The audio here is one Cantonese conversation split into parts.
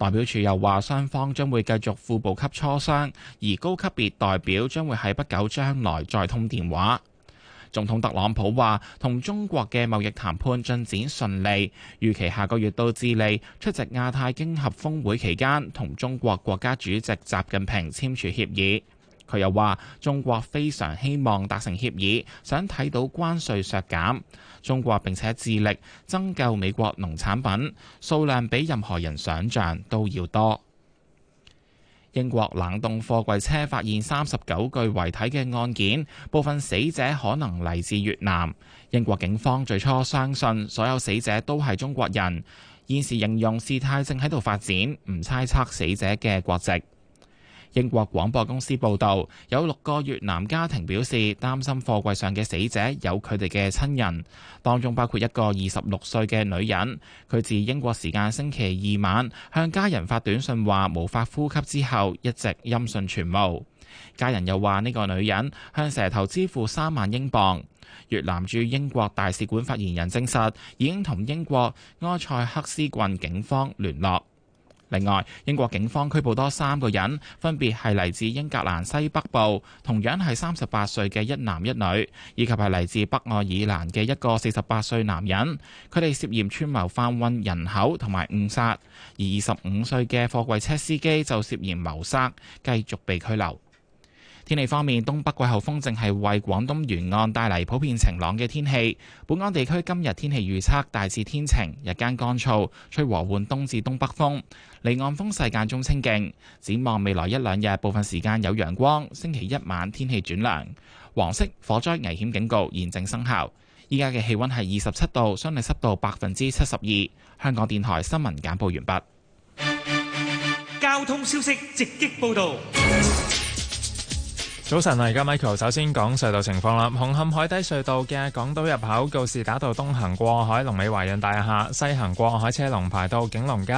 代表處又話雙方將會繼續副部級磋商，而高級別代表將會喺不久將來再通電話。總統特朗普話，同中國嘅貿易談判進展順利，預期下個月到智利出席亞太經合峰會期間，同中國國家主席習近平簽署協議。佢又話：中國非常希望達成協議，想睇到關稅削減。中國並且致力增購美國農產品，數量比任何人想像都要多。英國冷凍貨櫃車發現三十九具遺體嘅案件，部分死者可能嚟自越南。英國警方最初相信所有死者都係中國人，現時形容事態正喺度發展，唔猜測死者嘅國籍。英國廣播公司報導，有六個越南家庭表示擔心貨櫃上嘅死者有佢哋嘅親人，當中包括一個二十六歲嘅女人。佢自英國時間星期二晚向家人發短信話無法呼吸之後，一直音訊全無。家人又話呢個女人向蛇頭支付三萬英鎊。越南駐英國大使館發言人證實，已經同英國埃塞克斯郡警方聯絡。另外，英國警方拘捕多三個人，分別係嚟自英格蘭西北部，同樣係三十八歲嘅一男一女，以及係嚟自北愛爾蘭嘅一個四十八歲男人。佢哋涉嫌串謀販運人口同埋誤殺，而二十五歲嘅貨櫃車司機就涉嫌謀殺，繼續被拘留。天氣方面，東北季候風正係為廣東沿岸帶嚟普遍晴朗嘅天氣。本港地區今日天氣預測大致天晴，日間乾燥，吹和緩東至東北風，離岸風勢間中清勁。展望未來一兩日，部分時間有陽光。星期一晚天氣轉涼。黃色火災危險警告現正生效。依家嘅氣温係二十七度，相對濕度百分之七十二。香港電台新聞簡報完畢。交通消息直擊報道。早晨啊！而家 Michael 首先講隧道情況啦。紅磡海底隧道嘅港島入口告士打道東行過海，龍尾華潤大廈，西行過海車龍排到景隆街。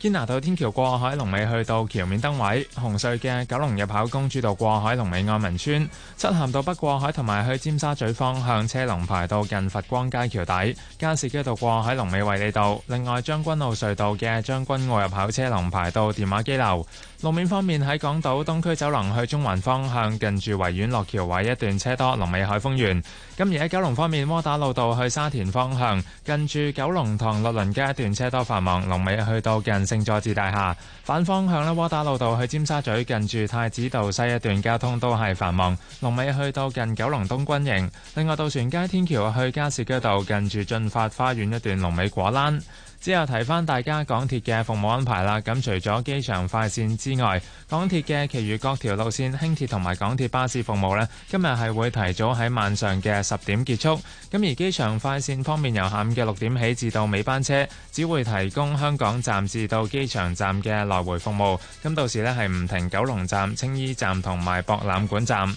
堅拿道天橋過海，龍尾去到橋面燈位。紅隧嘅九龍入口公主道過海，龍尾愛民邨。漆咸道北過海同埋去尖沙咀方向車龍排到近佛光街橋底。加士居道過海龍尾惠利道。另外將軍澳隧道嘅將軍澳入口車龍排到電話機樓，路面方面喺港島東區走廊去中環方向近住維園落橋位一段車多，龍尾海豐園。今日喺九龍方面，窩打老道去沙田方向，近住九龍塘律倫街一段車多繁忙，龍尾去到近聖佐治大廈。反方向呢，窩打老道去尖沙咀，近住太子道西一段交通都係繁忙，龍尾去到近九龍東軍營。另外，渡船街天橋去加士居道，近住駿發花園一段龍尾果欄。之後提翻大家港鐵嘅服務安排啦。咁除咗機場快線之外，港鐵嘅其餘各條路線、輕鐵同埋港鐵巴士服務呢，今日係會提早喺晚上嘅十點結束。咁而機場快線方面，由下午嘅六點起至到尾班車，只會提供香港站至到機場站嘅來回服務。咁到時呢，係唔停九龍站、青衣站同埋博覽館站。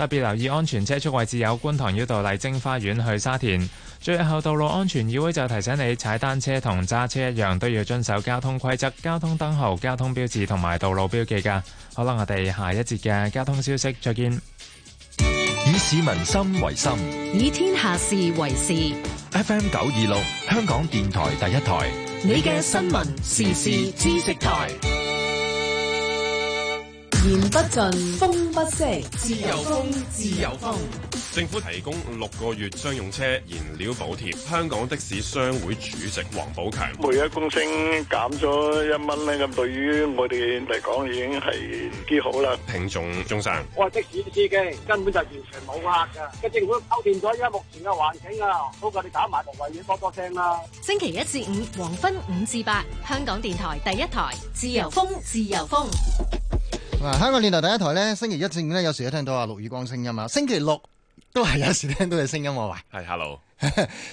特別留意安全車速位置有觀塘繞道麗晶花園去沙田。最後，道路安全議會就提醒你，踩單車同揸車一樣，都要遵守交通規則、交通燈號、交通標誌同埋道路標記㗎。好啦，我哋下一節嘅交通消息，再見。以市民心為心，嗯，以天下事為事。F M 九二六，香港電台第一台你的，你嘅新聞時事知識台。言不盡，風不息，自由風，自由風。政府提供六個月商用車燃料補貼。香港的士商會主席黃寶強，每一公升減咗一蚊咧，咁對於我哋嚟講已經係幾好啦。聽眾鍾生，我係的士司機，根本就完全冇客噶。個政府搞掂咗，依家目前嘅環境啊，好過你打埋同維園搏搏聲啦。星期一至五黃昏五至八，香港電台第一台，自由風，自由風。嗱，香港電台第一台咧，星期一正午咧，有時都聽到啊，落雨光聲音啊。星期六都係有時聽到你聲音喎。喂，係 Hello。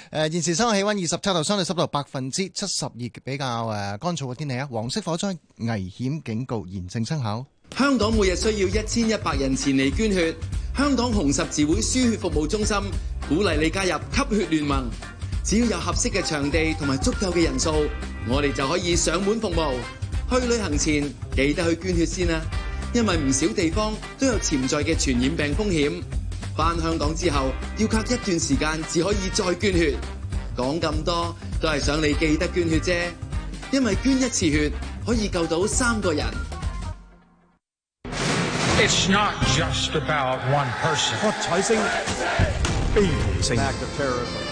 誒， 現時香港氣温二十七度，相對濕度百分之七十二，比較誒乾燥嘅天氣啊。黃色火災危險警告，嚴正生效。香港每日需要一千一百人前嚟捐血。香港紅十字會輸血服務中心鼓勵你加入吸血聯盟，只要有合適嘅場地同埋足夠嘅人數，我哋就可以上門服務。去旅行前記得去捐血先啊！因為唔少地方都有潛在嘅傳染病風險，返香港之後要隔一段時間，至可以再捐血。講咁多都係想你記得捐血啫，因為捐一次血可以救到三個人。It's not just about one person.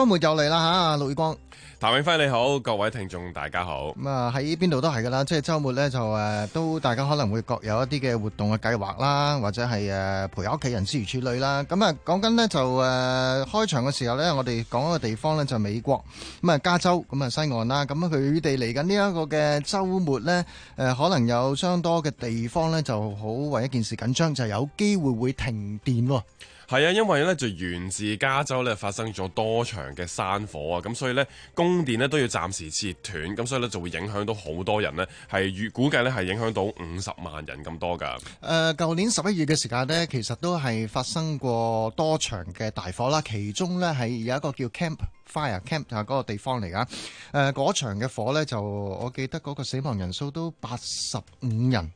周末又嚟啦吓，陸宇光、譚永輝你好，各位聽眾大家好。咁啊喺邊度都係噶啦，即係周末咧就誒都大家可能會各有一啲嘅活動嘅計劃啦，或者係誒陪下屋企人諸如此類啦。咁啊講緊咧就誒開場嘅時候咧，我哋講一個地方咧就係、美國咁啊加州咁啊西岸啦。咁啊佢哋嚟緊呢一個嘅周末咧，誒可能有相當多嘅地方咧就好為一件事緊張，就係、是、有機會會停電。係啊，因為咧就源自加州咧發生咗多場嘅山火啊，咁所以咧供電咧都要暫時切斷，咁所以咧就會影響到好多人呢，係預估計咧係影響到五十萬人咁多噶。誒、呃，舊年十一月嘅時間呢，其實都係發生過多場嘅大火啦，其中咧係有一個叫 Camp Fire、Camp 啊嗰個地方嚟噶。誒、呃，嗰場嘅火咧就，我記得嗰個死亡人數都八十五人。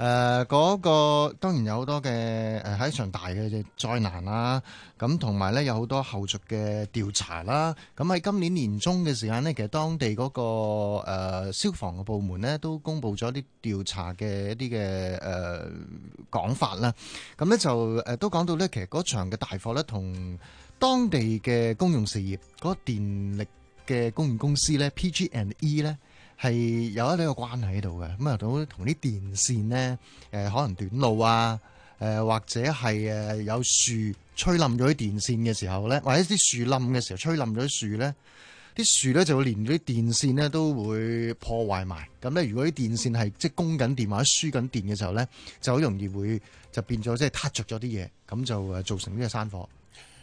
誒嗰、呃那個當然有好多嘅誒喺場大嘅災難啦，咁同埋咧有好多後續嘅調查啦。咁、啊、喺今年年中嘅時間呢，其實當地嗰、那個、呃、消防嘅部門咧都公布咗啲調查嘅一啲嘅誒講法啦。咁、啊、咧就誒、呃、都講到咧，其實嗰場嘅大火咧同當地嘅公用事業嗰、那個、電力嘅公用公司咧 PG&E 咧。PG&E 呢係有一啲個關係喺度嘅。咁啊，到同啲電線咧，誒可能短路啊，誒或者係誒有樹吹冧咗啲電線嘅時候咧，或者啲樹冧嘅時候吹冧咗啲樹咧，啲樹咧就會連到啲電線咧都會破壞埋。咁咧，如果啲電線係即係供緊電或者輸緊電嘅時候咧，就好容易會變成塌了東西就變咗即係塌着咗啲嘢，咁就誒造成呢個山火。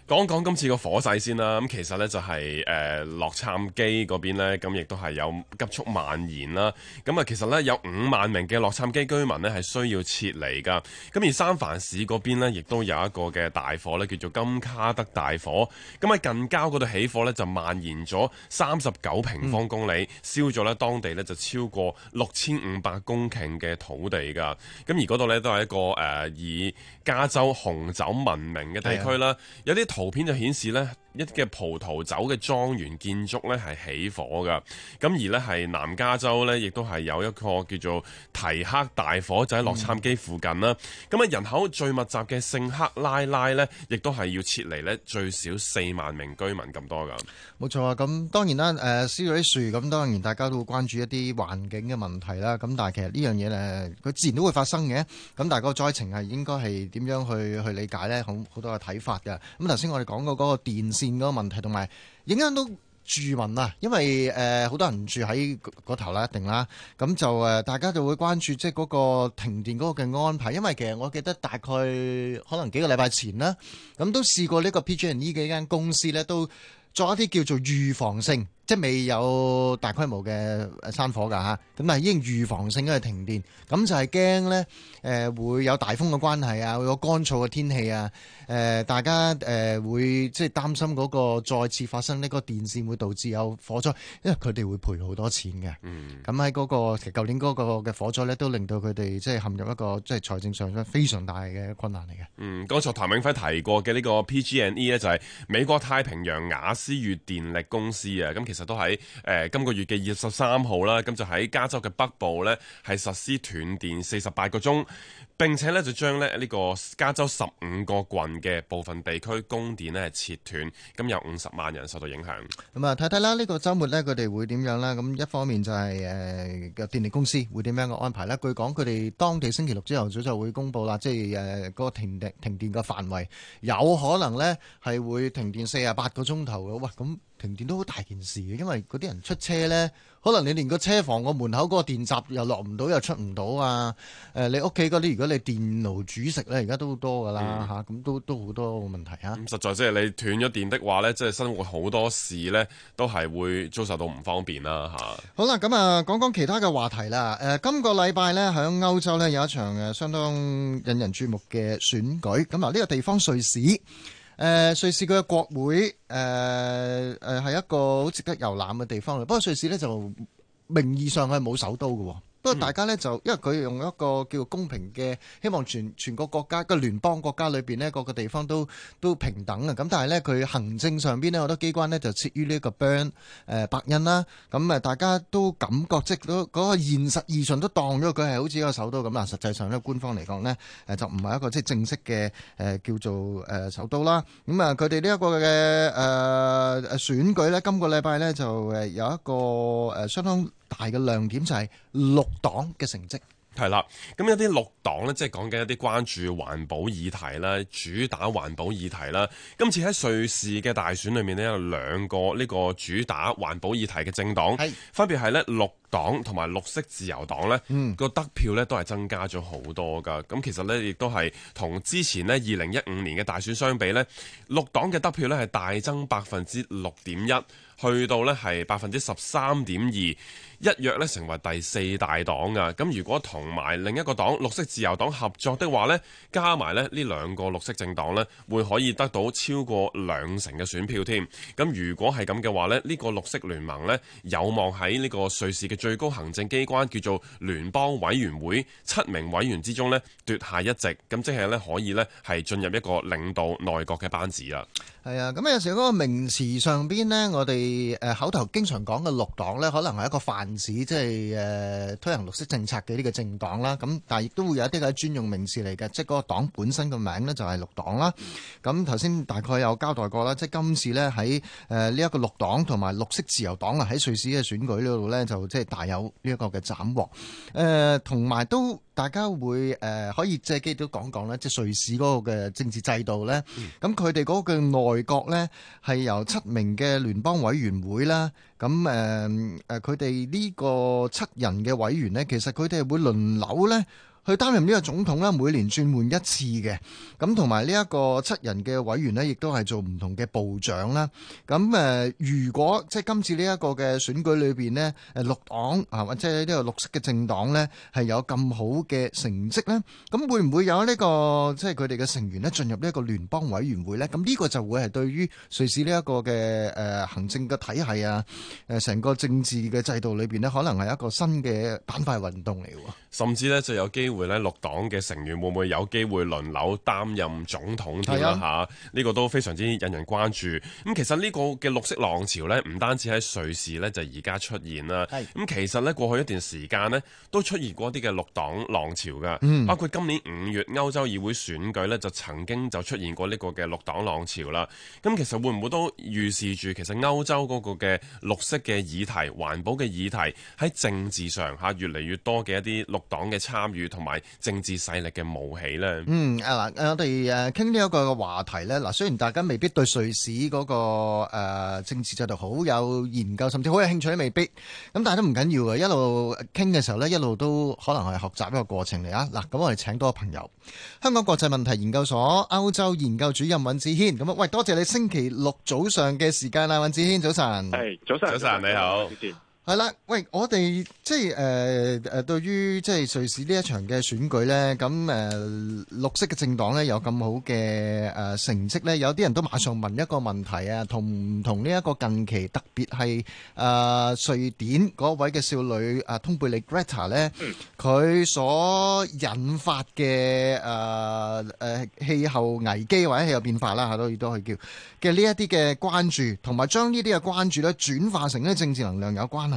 講講今次個火勢先啦，咁其實呢、就係，就係誒洛杉磯嗰邊呢，咁亦都係有急速蔓延啦。咁啊，其實呢，有五萬名嘅洛杉磯居民呢，係需要撤離噶。咁而三藩市嗰邊呢，亦都有一個嘅大火呢叫做金卡德大火。咁喺近郊嗰度起火呢，就蔓延咗三十九平方公里，嗯、燒咗呢當地呢，就超過六千五百公頃嘅土地噶。咁而嗰度呢，都係一個誒、呃、以加州紅酒聞名嘅地區啦，嗯、有啲。圖片就顯示呢，一啲嘅葡萄酒嘅莊園建築呢係起火㗎，咁而呢係南加州呢，亦都係有一個叫做提克大火就喺洛杉磯附近啦。咁啊、嗯、人口最密集嘅聖克拉拉呢，亦都係要撤離呢最少四萬名居民咁多㗎。冇錯啊，咁當然啦，誒、呃、燒咗啲樹，咁當然大家都會關注一啲環境嘅問題啦。咁但係其實呢樣嘢呢，佢自然都會發生嘅。咁但係個災情係應該係點樣去去理解呢？好好多嘅睇法㗎。咁頭先。我哋講過嗰個電線嗰個問題，同埋影響到住民啊，因為誒好、呃、多人住喺嗰頭啦，一定啦，咁就誒、呃、大家就會關注即係嗰，那個停電嗰個嘅安排。因為其實我記得大概可能幾個禮拜前啦，咁都試過呢個 PG&E 嘅一間公司咧，都作一啲叫做預防性。即係未有大規模嘅山火㗎吓，咁啊已經預防性嘅停電，咁就係驚咧誒會有大風嘅關係啊，會有乾燥嘅天氣啊，誒大家誒會即係擔心嗰個再次發生呢個電線會導致有火災，因為佢哋會賠好多錢嘅。嗯，咁喺嗰個舊年嗰個嘅火災咧，都令到佢哋即係陷入一個即係財政上非常大嘅困難嚟嘅。嗯，剛才譚永輝提過嘅呢個 PG&E 咧，就係美國太平洋瓦斯域電力公司啊，咁其其實都喺誒、呃、今個月嘅二十三號啦，咁就喺加州嘅北部呢，係實施斷電四十八個鐘，並且呢就將咧呢個加州十五個郡嘅部分地區供電呢係切斷，咁、嗯、有五十萬人受到影響。咁啊、嗯，睇睇啦，呢、這個周末呢，佢哋會點樣啦？咁一方面就係誒嘅電力公司會點樣嘅安排咧？據講佢哋當地星期六朝頭早就會公佈啦，即係誒嗰個停電停電嘅範圍，有可能呢係會停電四十八個鐘頭嘅。哇，咁。停電都好大件事嘅，因為嗰啲人出車咧，可能你連個車房個門口嗰個電閘又落唔到，又出唔到啊！你屋企嗰啲，如果你電爐煮食咧，而家都好多噶啦嚇，咁都都好多個問題啊！咁、嗯、實在即係你斷咗電的話咧，即係生活好多時咧，都係會遭受到唔方便啦、嗯、好啦，咁啊，講講其他嘅話題啦。誒、呃，今個禮拜咧，喺歐洲咧有一場相當引人注目嘅選舉。咁啊，呢個地方瑞士。誒瑞士佢嘅國會，誒誒係一個好值得遊覽嘅地方。不過瑞士咧就名義上係冇首都喎。咁啊！大家咧就因為佢用一個叫公平嘅，希望全全個國家個聯邦國家裏邊咧，各個地方都都平等啊。咁但係咧，佢行政上邊咧，好多機關咧就設於呢一個 Bern 誒伯恩啦。咁啊，大家都感覺即係都嗰個現實意義上都當咗佢係好似一個首都咁啦。實際上咧，官方嚟講咧，誒就唔係一個即係正式嘅誒叫做誒首都啦。咁啊，佢哋呢一個嘅誒誒選舉咧，今個禮拜咧就誒有一個誒相當大嘅亮點就係六黨嘅成績係啦，咁有啲綠黨呢，即係講緊一啲關注環保議題啦，主打環保議題啦。今次喺瑞士嘅大選裏面呢，有兩個呢個主打環保議題嘅政黨，是分別係呢綠黨同埋綠色自由黨呢。個、嗯、得票呢都係增加咗好多噶。咁其實呢，亦都係同之前呢二零一五年嘅大選相比呢，綠黨嘅得票呢係大增百分之六點一，去到呢係百分之十三點二。一躍咧成為第四大黨啊，咁如果同埋另一個黨綠色自由黨合作的話呢，加埋咧呢兩個綠色政黨呢，會可以得到超過兩成嘅選票添。咁如果係咁嘅話咧，呢個綠色聯盟呢，有望喺呢個瑞士嘅最高行政機關叫做聯邦委員會七名委員之中呢，奪下一席，咁即係咧可以呢，係進入一個領導內閣嘅班子啦。係啊，咁有時嗰個名詞上邊呢，我哋誒口頭經常講嘅綠黨呢，可能係一個泛。人即係誒、呃、推行綠色政策嘅呢個政黨啦，咁但係亦都會有一啲嘅專用名詞嚟嘅，即係嗰個黨本身個名呢，就係綠黨啦。咁頭先大概有交代過啦，即係今次呢，喺誒呢一個綠黨同埋綠色自由黨啊，喺瑞士嘅選舉嗰度呢，就即係大有呢一個嘅斬獲，誒同埋都。大家會誒可以借機都講講咧，即係瑞士嗰個嘅政治制度咧。咁佢哋嗰個內閣咧，係由七名嘅聯邦委員會啦。咁誒佢哋呢個七人嘅委員咧，其實佢哋係會輪流咧。去擔任呢個總統啦，每年轉換一次嘅，咁同埋呢一個七人嘅委員呢，亦都係做唔同嘅部長啦。咁誒，如果即係今次呢一個嘅選舉裏面呢，誒綠黨啊，或者呢個綠色嘅政黨呢，係有咁好嘅成績呢，咁會唔會有呢個即係佢哋嘅成員呢進入呢一個聯邦委員會呢？咁呢個就會係對於瑞士呢一個嘅誒行政嘅體系啊，誒成個政治嘅制度裏面呢，可能係一個新嘅板塊運動嚟喎，甚至呢就有機會。會咧，綠黨嘅成員會唔會有機會輪流擔任總統添啦吓？呢個都非常之引人關注。咁其實呢個嘅綠色浪潮呢，唔單止喺瑞士呢，就而家出現啦。咁其實呢，過去一段時間呢，都出現過一啲嘅綠黨浪潮噶，包括今年五月歐洲議會選舉呢，就曾經就出現過呢個嘅綠黨浪潮啦。咁其實會唔會都預示住，其實歐洲嗰個嘅綠色嘅議題、環保嘅議題喺政治上吓，越嚟越多嘅一啲綠黨嘅參與同。政治勢力嘅冒起咧，嗯啊嗱，我哋誒傾呢一個話題咧，嗱雖然大家未必對瑞士嗰、嗰個、呃、政治制度好有研究，甚至好有興趣都未必，咁但係都唔緊要嘅，一路傾嘅時候咧，一路都可能係學習一個過程嚟啊！嗱，咁我哋請多個朋友，香港國際問題研究所歐洲研究主任尹志軒，咁啊，喂，多謝你星期六早上嘅時間啦，尹志軒，早晨，係，早晨，早晨，你好。係啦，喂，我哋即係誒誒，對於即係瑞士呢一場嘅選舉咧，咁誒綠色嘅政黨咧有咁好嘅誒成績咧，有啲人都馬上問一個問題啊，同唔同呢一個近期特別係啊瑞典嗰位嘅少女啊通貝利 Greta 咧，佢所引發嘅誒誒氣候危機或者氣候變化啦，嚇都亦都可以叫嘅呢一啲嘅關注，同埋將呢啲嘅關注咧轉化成呢政治能量有關啊。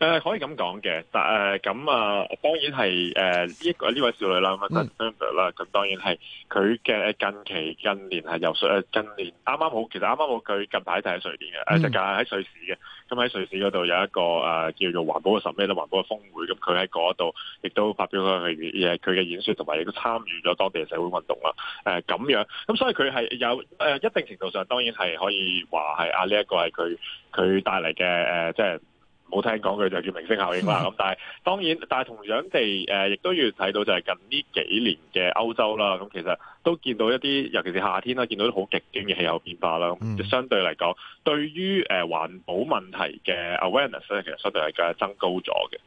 誒、呃、可以咁講嘅，但誒咁啊，當然係誒呢個呢位少女啦啦。咁、mm. 嗯、當然係佢嘅近期近年係遊説，近年啱啱好，其實啱啱好年，佢近排就喺瑞典嘅，就即係喺瑞士嘅。咁、呃、喺瑞士嗰度、呃、有一個誒、呃、叫做環保嘅什咩咧環保嘅峰會，咁佢喺嗰度亦都發表咗佢嘅演説，同埋亦都參與咗當地嘅社會運動啦。咁、呃、樣，咁、嗯、所以佢係有誒、呃、一定程度上，當然係可以話係啊呢一、呢個係佢佢帶嚟嘅誒即冇聽講佢就叫明星效應啦，咁但係當然，但係同樣地，誒、亦都要睇到就係近呢幾年嘅歐洲啦，咁其實都見到一啲，尤其是夏天啦，見到好極端嘅氣候變化啦，就相對嚟講，對於誒、呃、環保問題嘅 awareness 咧，其實相對嚟講係增高咗嘅。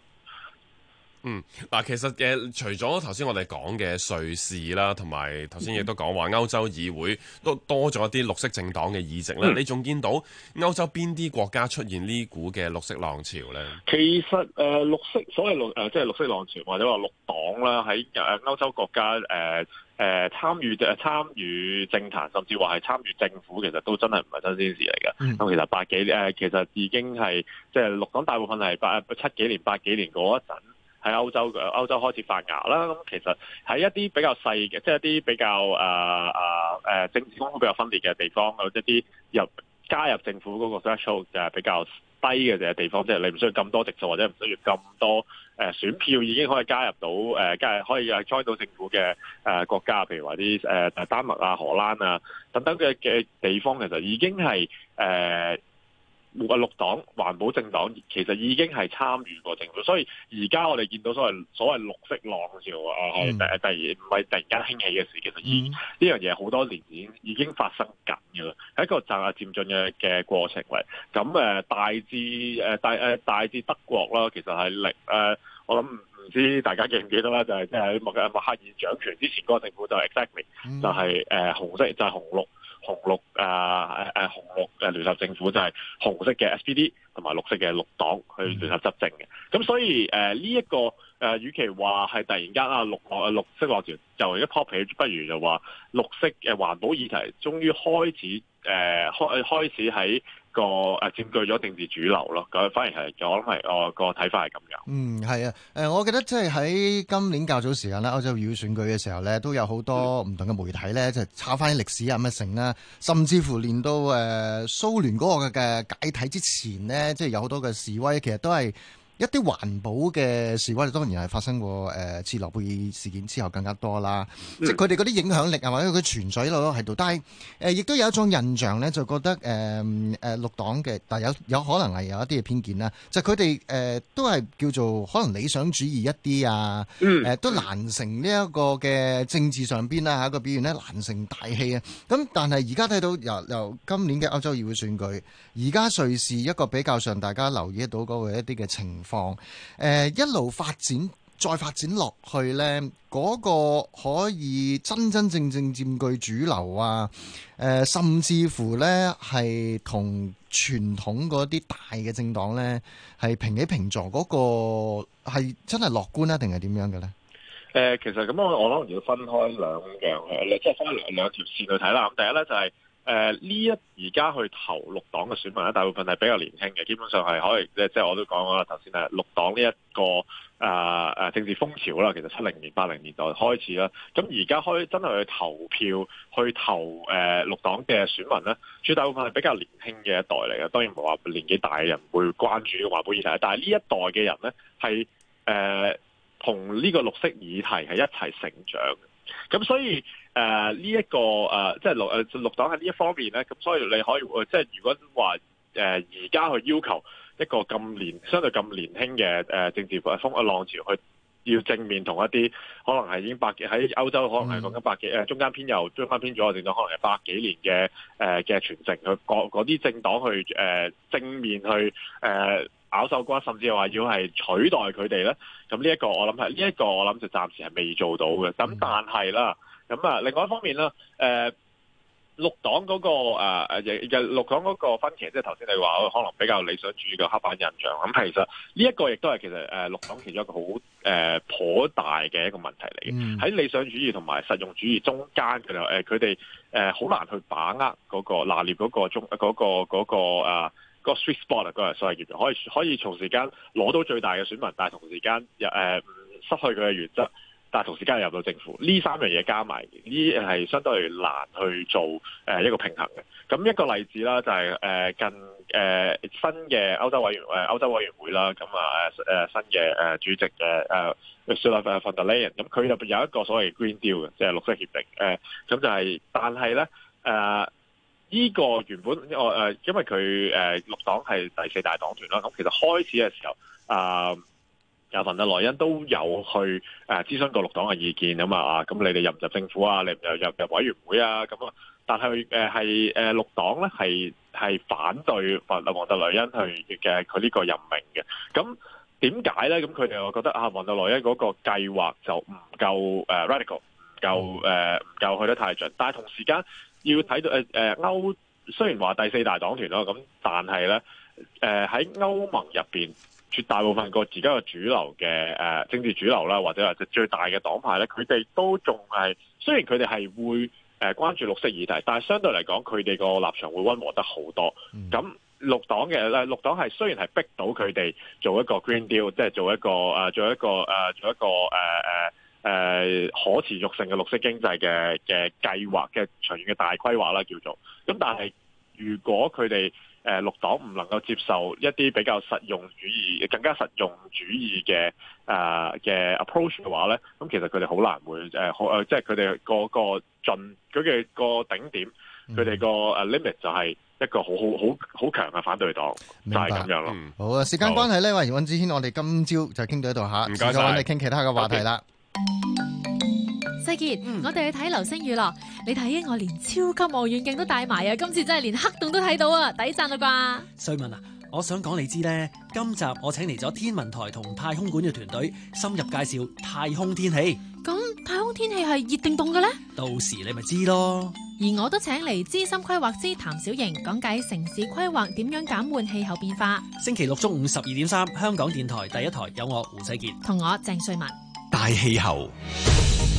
嗯，嗱，其實誒除咗頭先我哋講嘅瑞士啦，同埋頭先亦都講話歐洲議會都多咗一啲綠色政黨嘅議席咧。嗯、你仲見到歐洲邊啲國家出現呢股嘅綠色浪潮咧？其實誒、呃，綠色所謂綠誒，即係綠色浪潮或者話綠黨啦，喺誒歐洲國家誒誒參與誒參與政壇，甚至話係參與政府，其實都真係唔係新鮮事嚟嘅。咁、嗯、其實八幾誒、呃，其實已經係即係綠黨大部分係八七幾年、八幾年嗰一陣，喺歐洲嘅歐洲開始發芽啦，咁其實喺一啲比較細嘅，即係一啲比較誒誒誒政治風比較分裂嘅地方，或者啲入加入政府嗰個 threshold 就係比較低嘅嘅地方，即係你唔需要咁多席數或者唔需要咁多誒選票已經可以加入到誒，即係可以 join 到政府嘅誒、呃、國家，譬如話啲誒丹麥啊、荷蘭啊等等嘅嘅地方，其實已經係誒。呃啊！綠黨、環保政黨其實已經係參與過政府，所以而家我哋見到所謂所謂綠色浪潮啊，係突突然唔係突然間興起嘅事。其實呢樣嘢好多年已經發生緊嘅啦，係一個漸漸嘅嘅過程嚟。咁大致，大，大，大致大德國啦，其實係零誒，我諗唔知大家記唔記得啦，就係即係喺默克爾掌權之前嗰個政府就係、exactly 就係、是、誒、呃、紅色就係、是、紅綠。紅綠啊誒誒紅綠聯合政府就係紅色嘅 S P D 同埋綠色嘅綠黨去聯合執政嘅，咁、嗯、所以誒呢一個誒、呃，與其話係突然間啊綠落誒、啊、綠色落潮，就 p p 皮，不如就話綠色嘅環保議題終於開始誒、呃、開始喺。個誒佔據咗政治主流咯，咁反而係我諗我個睇法係咁樣。嗯，係啊，誒，我記得即係喺今年較早時間咧，歐洲議會選舉嘅時候咧，都有好多唔同嘅媒體咧，是的就炒返啲歷史啊乜成啦，甚至乎連到誒、呃、蘇聯嗰個嘅解體之前呢，即、就、係、是、有好多嘅示威，其實都係。一啲環保嘅示威，當然係發生過誒，切爾諾、呃、貝爾事件之後更加多啦。Mm. 即佢哋嗰啲影響力啊，或者佢存在咯喺度。但係亦、呃、都有一種印象咧，就覺得誒誒、呃呃、綠黨嘅，但有有可能係有一啲嘅偏見啦。就佢哋誒都係叫做可能理想主義一啲啊。誒、mm. 呃、都難成呢一個嘅政治上邊啦、啊，一個表現咧難成大器啊。咁但係而家睇到由由今年嘅歐洲議會選舉，而家瑞士一個比較上大家留意到嗰個一啲嘅情況，望，誒、呃，一路發展，再發展落去咧，嗰、那個可以真真正正佔據主流啊，誒、呃，甚至乎咧係同傳統嗰啲大嘅政黨咧係平起平坐，那個，嗰個係真係樂觀啊，定係點樣嘅咧？誒、呃，其實咁我我可能要分開兩樣，即係分開兩兩條綫去睇啦。第一咧就係、是。誒，呢、呃、一而家去投綠黨嘅選民咧，大部分係比較年輕嘅，基本上係可以，即係我都講過啦，頭先係綠黨呢一個啊誒、呃、政治風潮啦，其實七零年、八零年代開始啦，咁而家開真係去投票，去投誒、呃、綠黨嘅選民咧，主要大部分係比較年輕嘅一代嚟嘅，當然唔係話年紀大嘅人唔會關注環保議題，但係呢一代嘅人咧係誒同呢、呃、呢個綠色議題係一齊成長嘅，咁所以。誒，呢一、呃這個誒、呃，即係綠誒綠黨喺呢一方面咧，咁所以你可以、呃、即係如果話誒而家去要求一個咁年相對咁年輕嘅誒政治風浪潮，去要正面同一啲可能係已經百幾喺歐洲可能係講緊百幾誒、啊、中間偏右中間偏左政黨，可能係百幾年嘅誒嘅傳承，佢嗰啲政黨去誒、呃、正面去誒咬手瓜，甚至係話要係取代佢哋咧。咁呢一個我諗係呢一個我諗就暫時係未做到嘅。咁但係啦。嗯咁啊、嗯，另外一方面啦，誒、呃、綠黨嗰、那個誒誒綠黨嗰分歧，即係頭先你話可能比較理想主義嘅黑板印象，咁、嗯、其實呢一個亦都係其實誒綠、呃、黨其中一個好誒、呃、頗大嘅一個問題嚟嘅，喺、嗯、理想主義同埋實用主義中間嘅誒，佢哋誒好難去把握嗰、那個拿捏嗰個中嗰、呃那個嗰、呃那個 sweet spot 啊，嗰個所謂叫做可以可以從時間攞到最大嘅選民，但係同時間又、呃、失去佢嘅原則。但同同時，加入到政府呢三樣嘢加埋，呢係相對難去做誒一個平衡嘅。咁一個例子啦，就係誒近誒新嘅歐洲委員誒歐洲委員會啦，咁啊新嘅主席嘅誒 von der Leyen，咁佢入邊有一個所謂 Green Deal 嘅，即係綠色協定。咁就係，但係咧誒，呢個原本我因為佢誒綠黨係第四大黨團啦，咁其實開始嘅時候啊。阿范德萊恩都有去誒諮詢過綠黨嘅意見啊嘛，咁你哋入唔入政府啊？你唔入入唔入委員會啊？咁啊，但係誒係誒綠黨咧係係反對范德萊恩去嘅佢呢個任命嘅。咁點解咧？咁佢哋我覺得啊，范德萊恩嗰個計劃就唔夠誒 radical，唔夠誒唔夠去得太盡。但係同時間要睇到誒誒歐雖然話第四大黨團咯，咁但係咧誒喺歐盟入邊。絕大部分個而家嘅主流嘅誒政治主流啦，或者係最最大嘅黨派咧，佢哋都仲係雖然佢哋係會誒關注綠色議題，但係相對嚟講，佢哋個立場會溫和得好多。咁綠黨嘅咧，綠黨係雖然係逼到佢哋做一個 Green Deal，即係做一個誒，做一個誒，做一個誒誒誒可持續性嘅綠色經濟嘅嘅計劃嘅長遠嘅大規劃啦，叫做咁。但係如果佢哋誒，綠黨唔能夠接受一啲比較實用主義、更加實用主義嘅誒嘅 approach 嘅話咧，咁其實佢哋好難會誒，好、呃、誒、呃，即係佢哋個個盡佢嘅個頂點，佢哋個誒 limit 就係一個好好好好強嘅反對黨，明白？就係噉樣嗯，好啊，時間關係呢，話完好、呃、尹子軒，我哋今朝就傾到呢度吓，唔該，我哋傾其他嘅話題啦。世杰，嗯、我哋去睇流星雨咯！你睇，我連超級望遠鏡都帶埋啊！今次真係連黑洞都睇到啊，抵讚啦啩！瑞文啊，我想講你知呢，今集我請嚟咗天文台同太空館嘅團隊，深入介紹太空天氣。咁、嗯、太空天氣係熱定凍嘅呢？到時你咪知咯。而我都請嚟資深規劃師譚小瑩講解城市規劃點樣減緩氣候變化。星期六中午十二點三，香港電台第一台有我胡世杰同我鄭瑞文大氣候。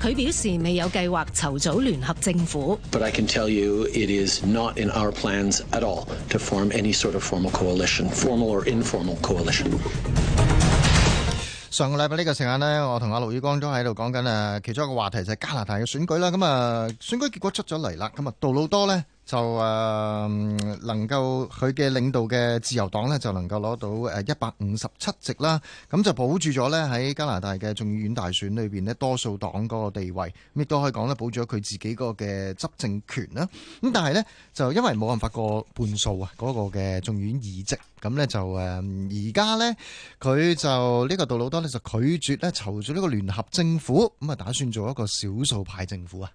佢表示未有計劃籌組聯合政府。But I can tell you, it is not in our plans at all to form any sort of formal coalition, formal or informal coalition. 上個禮拜呢個時間呢，我同阿盧宇光都喺度講緊誒其中一個話題就係加拿大嘅選舉啦。咁、嗯、啊選舉結果出咗嚟啦，咁啊杜魯多呢。就誒能夠佢嘅領導嘅自由黨呢，就能夠攞到誒一百五十七席啦，咁就保住咗呢喺加拿大嘅眾議院大選裏面呢，多數黨嗰個地位，咁亦都可以講呢，保住咗佢自己個嘅執政權啦。咁但係呢，就因為冇辦法過半數啊，嗰個嘅眾議院議席，咁呢，就誒而家呢，佢就呢個杜魯多呢，就拒絕呢，籌組呢個聯合政府，咁啊打算做一個少數派政府啊。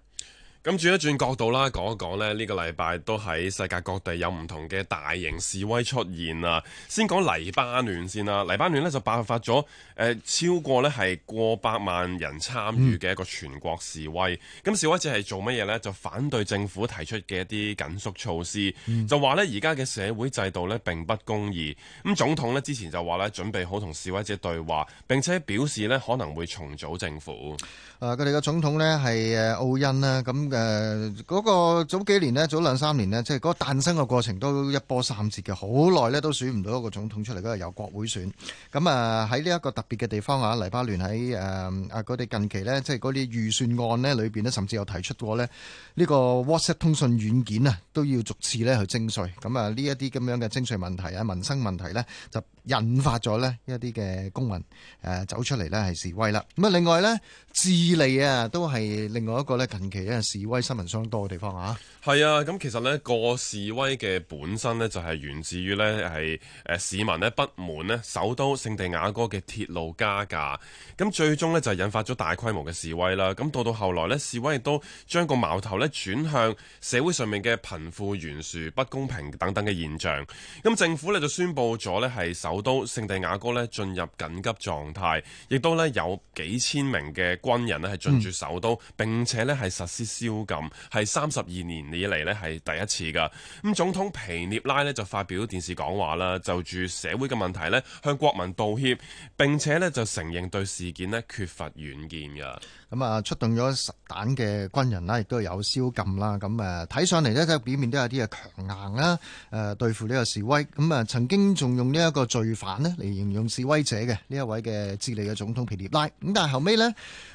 咁轉一轉角度啦，講一講呢、呢個禮拜都喺世界各地有唔同嘅大型示威出現啊！先講黎巴嫩先啦，黎巴嫩呢就爆發咗誒、呃、超過呢係過百萬人參與嘅一個全國示威。咁、嗯、示威者係做乜嘢呢？就反對政府提出嘅一啲緊縮措施，嗯、就話呢而家嘅社會制度呢並不公義。咁總統呢之前就話呢準備好同示威者對話，並且表示呢可能會重組政府。佢哋嘅總統呢係誒奧恩啦，咁。呃誒嗰、呃嗰個，早幾年呢，早兩三年呢，即係嗰個誕生嘅過程都一波三折嘅，好耐呢，都選唔到一個總統出嚟，嗰個由國會選。咁啊喺呢一個特別嘅地方啊，黎巴嫩喺誒啊佢哋近期呢，即係嗰啲預算案呢裏面呢，甚至有提出過呢，呢、呢個 WhatsApp 通訊軟件啊都要逐次呢去徵稅。咁啊呢一啲咁樣嘅徵稅問題啊民生問題呢。就。引發咗呢一啲嘅公民誒、啊、走出嚟呢係示威啦。咁啊，另外呢，智利啊都係另外一個呢近期呢示威新聞相多嘅地方啊。係啊，咁其實呢個示威嘅本身呢就係源自於呢係誒市民呢不滿呢首都聖地亞哥嘅鐵路加價。咁最終呢就係引發咗大規模嘅示威啦。咁到到後來呢，示威亦都將個矛頭呢轉向社會上面嘅貧富懸殊、不公平等等嘅現象。咁政府呢就宣布咗呢係首。首都聖地亞哥咧進入緊急狀態，亦都咧有幾千名嘅軍人咧係進駐首都，並且咧係實施宵禁，係三十二年以嚟咧係第一次噶。咁總統皮涅拉咧就發表電視講話啦，就住社會嘅問題咧向國民道歉，並且咧就承認對事件咧缺乏遠見嘅。咁啊，出動咗實彈嘅軍人啦，亦都有宵禁啦。咁啊，睇上嚟咧，即係表面都有啲嘅強硬啦。誒，對付呢個示威。咁啊，曾經仲用呢一個罪犯呢嚟形容示威者嘅呢一位嘅智利嘅總統皮涅拉。咁但係後尾呢。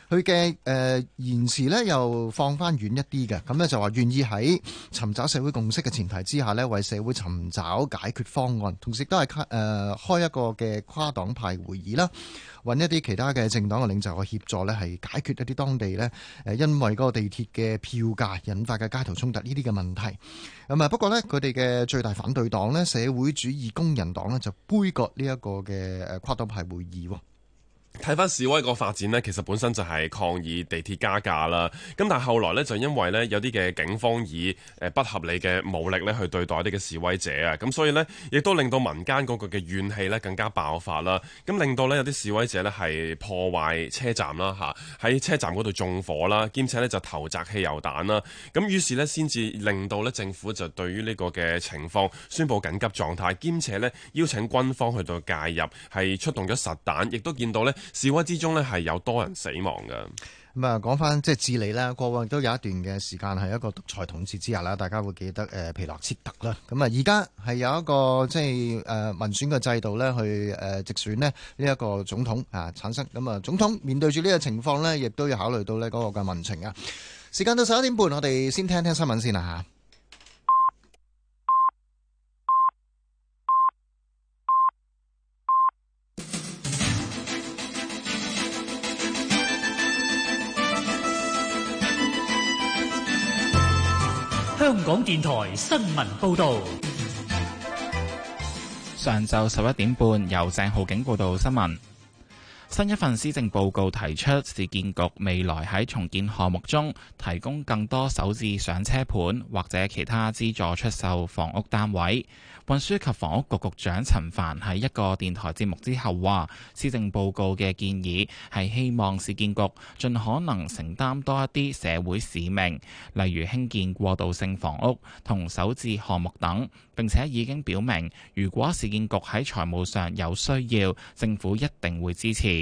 佢嘅誒延遲呢又放翻遠一啲嘅，咁呢就話願意喺尋找社會共識嘅前提之下呢為社會尋找解決方案，同時都係開誒開一個嘅跨黨派會議啦，搵一啲其他嘅政黨嘅領袖嘅協助呢係解決一啲當地呢，因為嗰個地鐵嘅票價引發嘅街頭衝突呢啲嘅問題。咁啊不過呢，佢哋嘅最大反對黨呢，社會主義工人黨呢，就杯葛呢一個嘅跨黨派會議喎。睇翻示威個發展呢，其實本身就係抗議地鐵加價啦。咁但係後來呢，就因為呢有啲嘅警方以誒不合理嘅武力呢去對待呢個示威者啊，咁所以呢，亦都令到民間嗰個嘅怨氣呢更加爆發啦。咁令到呢有啲示威者呢係破壞車站啦，吓喺車站嗰度縱火啦，兼且呢就投擲汽油彈啦。咁於是呢，先至令到呢政府就對於呢個嘅情況宣佈緊急狀態，兼且呢邀請軍方去到介入，係出動咗實彈，亦都見到呢。示威之中咧係有多人死亡嘅。咁啊，講返即係智利咧，過往都有一段嘅時間係一個獨裁統治之下啦。大家會記得誒皮諾切特啦。咁啊，而家係有一個即係誒民選嘅制度咧，去誒直選咧呢一個總統啊產生。咁啊，總統面對住呢個情況呢，亦都要考慮到呢嗰個嘅民情啊。時間到十一點半，我哋先聽聽新聞先啦吓。香港電台新聞報道，上晝十一點半，由鄭浩景報道新聞。新一份施政報告提出，市建局未來喺重建項目中提供更多首置上車盤或者其他資助出售房屋單位。運輸及房屋局局長陳帆喺一個電台節目之後話，施政報告嘅建議，係希望市建局盡可能承擔多一啲社會使命，例如興建過渡性房屋同首置項目等。並且已經表明，如果市建局喺財務上有需要，政府一定會支持。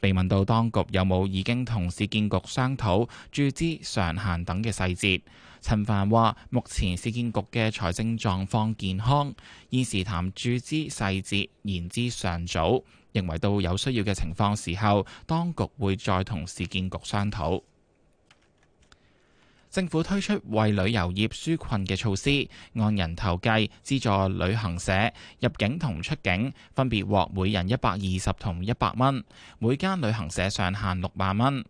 被問到當局有冇已經同市建局商討注資上限等嘅細節，陳帆話：目前市建局嘅財政狀況健康，現時談注資細節言之尚早，認為到有需要嘅情況時候，當局會再同市建局商討。政府推出為旅遊業紓困嘅措施，按人頭計資助旅行社入境同出境，分別獲每人一百二十同一百蚊，每間旅行社上限六萬蚊。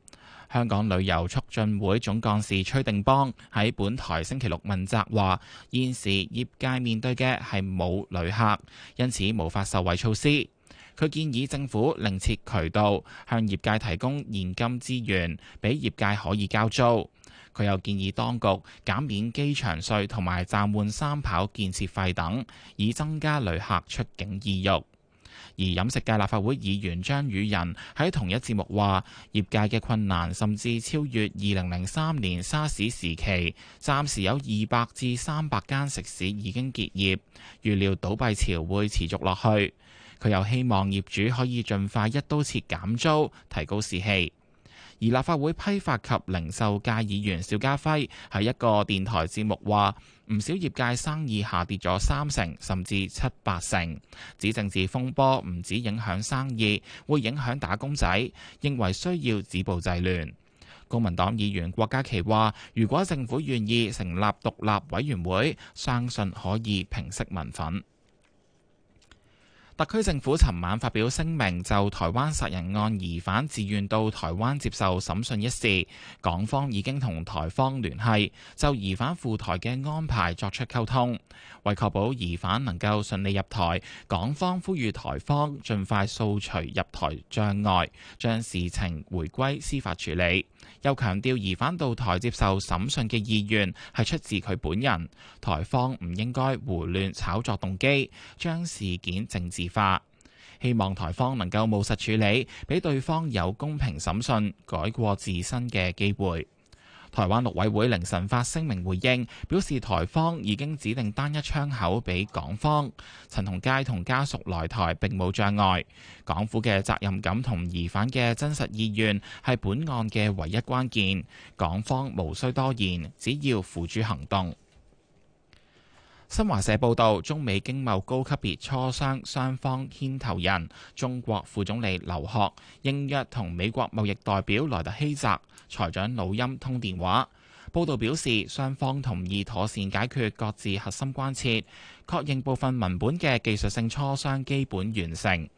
香港旅遊促進會總幹事崔定邦喺本台星期六問責話，現時業界面對嘅係冇旅客，因此無法受惠措施。佢建議政府另設渠道向業界提供現金資源，俾業界可以交租。佢又建議當局減免機場稅同埋暫緩三跑建設費等，以增加旅客出境意欲。而飲食界立法會議員張宇人喺同一節目話：業界嘅困難甚至超越二零零三年沙士時期，暫時有二百至三百間食肆已經結業，預料倒閉潮會持續落去。佢又希望業主可以盡快一刀切減租，提高士氣。而立法會批發及零售界議員邵家輝喺一個電台節目話：唔少業界生意下跌咗三成，甚至七八成。指政治風波唔止影響生意，會影響打工仔，認為需要止暴制亂。公民黨議員郭家麒話：如果政府願意成立獨立委員會，相信可以平息民憤。特區政府尋晚發表聲明，就台灣殺人案疑犯自願到台灣接受審訊一事，港方已經同台方聯繫，就疑犯赴台嘅安排作出溝通。為確保疑犯能夠順利入台，港方呼籲台方盡快掃除入台障礙，將事情回歸司法處理。又強調疑犯到台接受審訊嘅意願係出自佢本人，台方唔應該胡亂炒作動機，將事件政治。化，希望台方能夠務實處理，俾對方有公平審訊、改過自身嘅機會。台灣陸委會凌晨發聲明回應，表示台方已經指定單一窗口俾港方。陳同佳同家屬來台並冇障礙。港府嘅責任感同疑犯嘅真實意願係本案嘅唯一關鍵。港方無需多言，只要付諸行動。新華社報道，中美經貿高級別磋商雙方牽頭人中國副總理劉鶴應約同美國貿易代表萊特希澤、財長努欽通電話。報道表示，雙方同意妥善解決各自核心關切，確認部分文本嘅技術性磋商基本完成。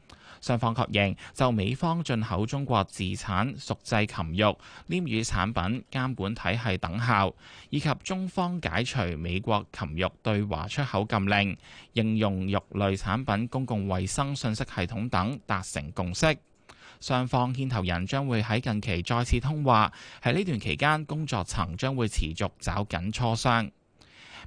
雙方確認就美方進口中國自產熟製禽肉、鯰魚產品監管體系等效，以及中方解除美國禽肉對華出口禁令、應用肉類產品公共衛生信息系統等達成共識。雙方牽頭人將會喺近期再次通話，喺呢段期間工作層將會持續找緊磋商。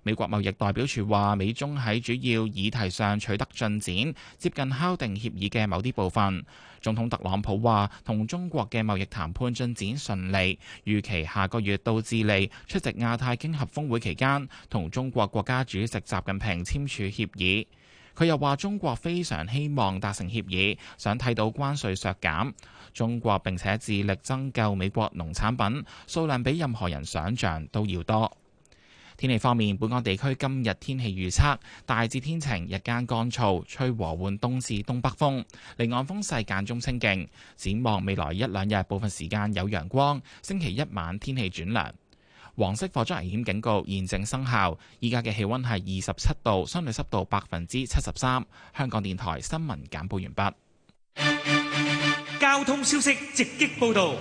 美國貿易代表處話，美中喺主要議題上取得進展，接近敲定協議嘅某啲部分。總統特朗普話，同中國嘅貿易談判進展順利，預期下個月到智利出席亞太經合峰會期間，同中國國家主席習近平簽署協議。佢又話，中國非常希望達成協議，想睇到關稅削減。中國並且致力增購美國農產品，數量比任何人想像都要多。天氣方面，本港地區今日天氣預測大致天晴，日間乾燥，吹和緩東至東北風，離岸風勢間中清勁。展望未來一兩日，部分時間有陽光。星期一晚天氣轉涼。黃色火災危險警告現正生效。依家嘅氣溫係二十七度，相對濕度百分之七十三。香港電台新聞簡報完畢。交通消息直擊報道。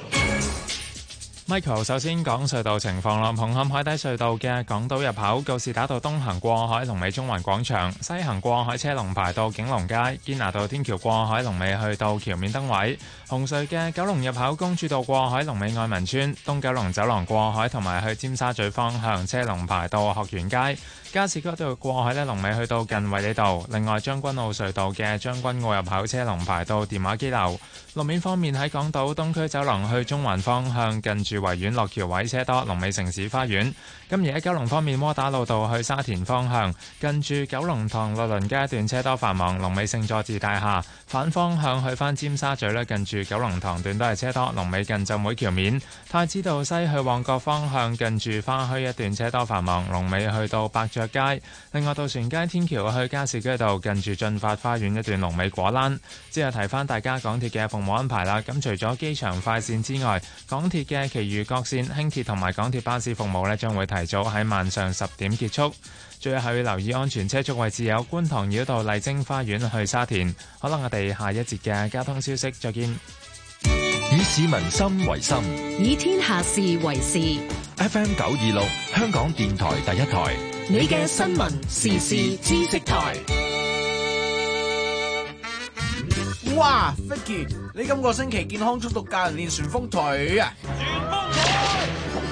Michael 首先講隧道情況啦，紅磡海底隧道嘅港島入口，告士打道東行過海，龍尾中環廣場；西行過海，車龍排到景隆街，堅拿道天橋過海，龍尾去到橋面燈位。紅隧嘅九龍入口，公主道過海，龍尾愛民村，東九龍走廊過海，同埋去尖沙咀方向，車龍排到學園街。加士居道過海呢，龍尾去到近衛理道。另外，將軍澳隧道嘅將軍澳入口，車龍排到電話機樓。路面方面，喺港島東區走廊去中環方向，近住維園落橋位車多，龍尾城市花園。今日喺九龍方面，窩打老道去沙田方向，近住九龍塘落鄰街一段車多繁忙，龍尾聖佐治大廈。反方向去翻尖沙咀呢，近住九龍塘段都係車多，龍尾近浸會橋面。太子道西去旺角方向，近住花墟一段車多繁忙，龍尾去到百街，另外渡船街天橋去加士居道近住駿發花園一段龍尾果欄。之後提翻大家港鐵嘅服務安排啦。咁除咗機場快綫之外，港鐵嘅其餘各綫輕鐵同埋港鐵巴士服務呢將會提早喺晚上十點結束。最後留意安全車速位置有觀塘繞道麗晶花園去沙田。好啦，我哋下一節嘅交通消息再見。以市民心為心，以天下事為事。FM 九二六，香港電台第一台。你嘅新聞時事知識台，哇，Vicky，你今個星期健康速度教人練旋風腿啊？旋風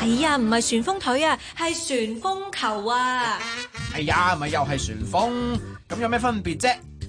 腿係呀，唔係旋風腿啊，係旋風球啊！哎呀，咪又係旋風，咁有咩分別啫？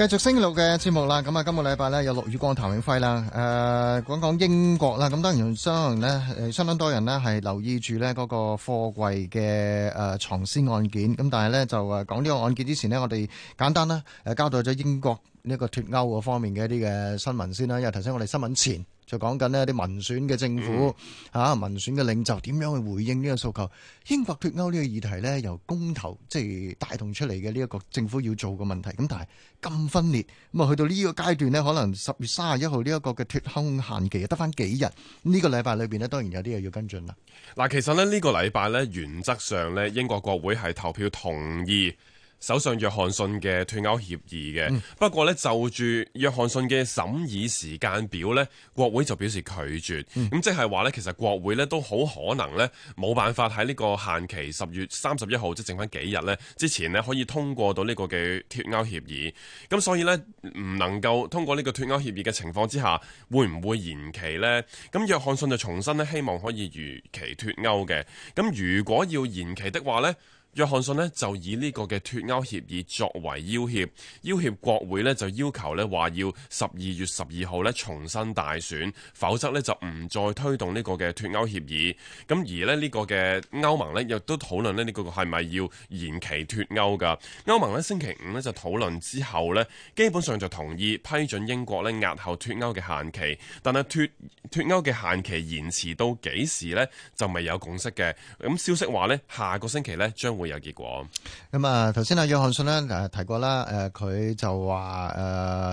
繼續星期六嘅節目啦，咁啊，今個禮拜咧有陸宇光譚永輝啦，誒，講、呃、講英國啦，咁當然，相信咧誒，相當多人呢係留意住咧嗰個貨櫃嘅誒藏屍案件，咁但係咧就誒講呢個案件之前呢，我哋簡單啦誒交代咗英國。呢一個脱歐方面嘅一啲嘅新聞先啦，又提醒我哋新聞前就講緊呢啲民選嘅政府嚇、嗯、民選嘅領袖點樣去回應呢個訴求，英國脱歐呢個議題呢，由公投即係、就是、帶動出嚟嘅呢一個政府要做嘅問題，咁但係咁分裂咁啊，去到呢個階段呢，可能十月三十一號呢一個嘅脱歐限期得返幾日，呢、這個禮拜裏邊呢，當然有啲嘢要跟進啦。嗱，其實呢呢個禮拜呢，原則上呢，英國國會係投票同意首相約翰遜嘅脱歐協議嘅，不過呢，就住約翰遜嘅審議時間表呢，國會就表示拒絕，咁即係話呢，其實國會呢都好可能呢冇辦法喺呢個限期十月三十一號即剩翻幾日呢之前呢，可以通過到呢個嘅脱歐協議，咁所以呢，唔能夠通過呢個脱歐協議嘅情況之下，會唔會延期呢？咁約翰遜就重新呢，希望可以如期脱歐嘅，咁如果要延期的話呢？約翰遜呢，就以呢個嘅脫歐協議作為要挾，要挾國會呢，就要求呢話要十二月十二號呢重新大選，否則呢就唔再推動呢個嘅脫歐協議。咁而呢，呢個嘅歐盟呢，亦都討論呢，呢個係咪要延期脫歐噶？歐盟呢，星期五呢就討論之後呢，基本上就同意批准英國呢押後脫歐嘅限期，但係脱脫歐嘅限期延遲到幾時呢？就未有共識嘅。咁消息話呢，下個星期呢將會。會有結果咁啊！頭先啊，約翰遜咧誒提過啦，誒佢就話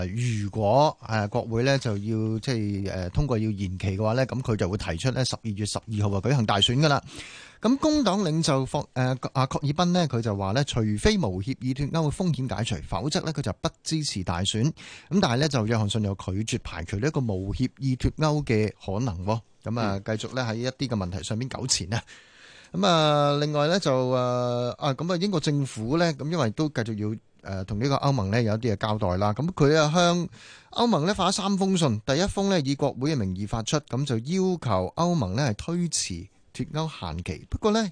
誒，如果誒國會咧就要即係誒通過要延期嘅話咧，咁佢就會提出咧十二月十二號啊舉行大選噶啦。咁工黨領袖霍誒阿科爾賓呢，佢就話咧，除非無協議脱歐嘅風險解除，否則咧佢就不支持大選。咁但係咧就約翰遜又拒絕排除呢一個無協議脱歐嘅可能。咁啊，繼續咧喺一啲嘅問題上邊糾纏啊！咁啊，另外咧就啊啊咁啊，英國政府咧，咁因為都繼續要誒同呢個歐盟咧有一啲嘅交代啦。咁佢啊向歐盟咧發咗三封信，第一封咧以國會嘅名義發出，咁就要求歐盟咧係推遲脫歐限期。不過咧。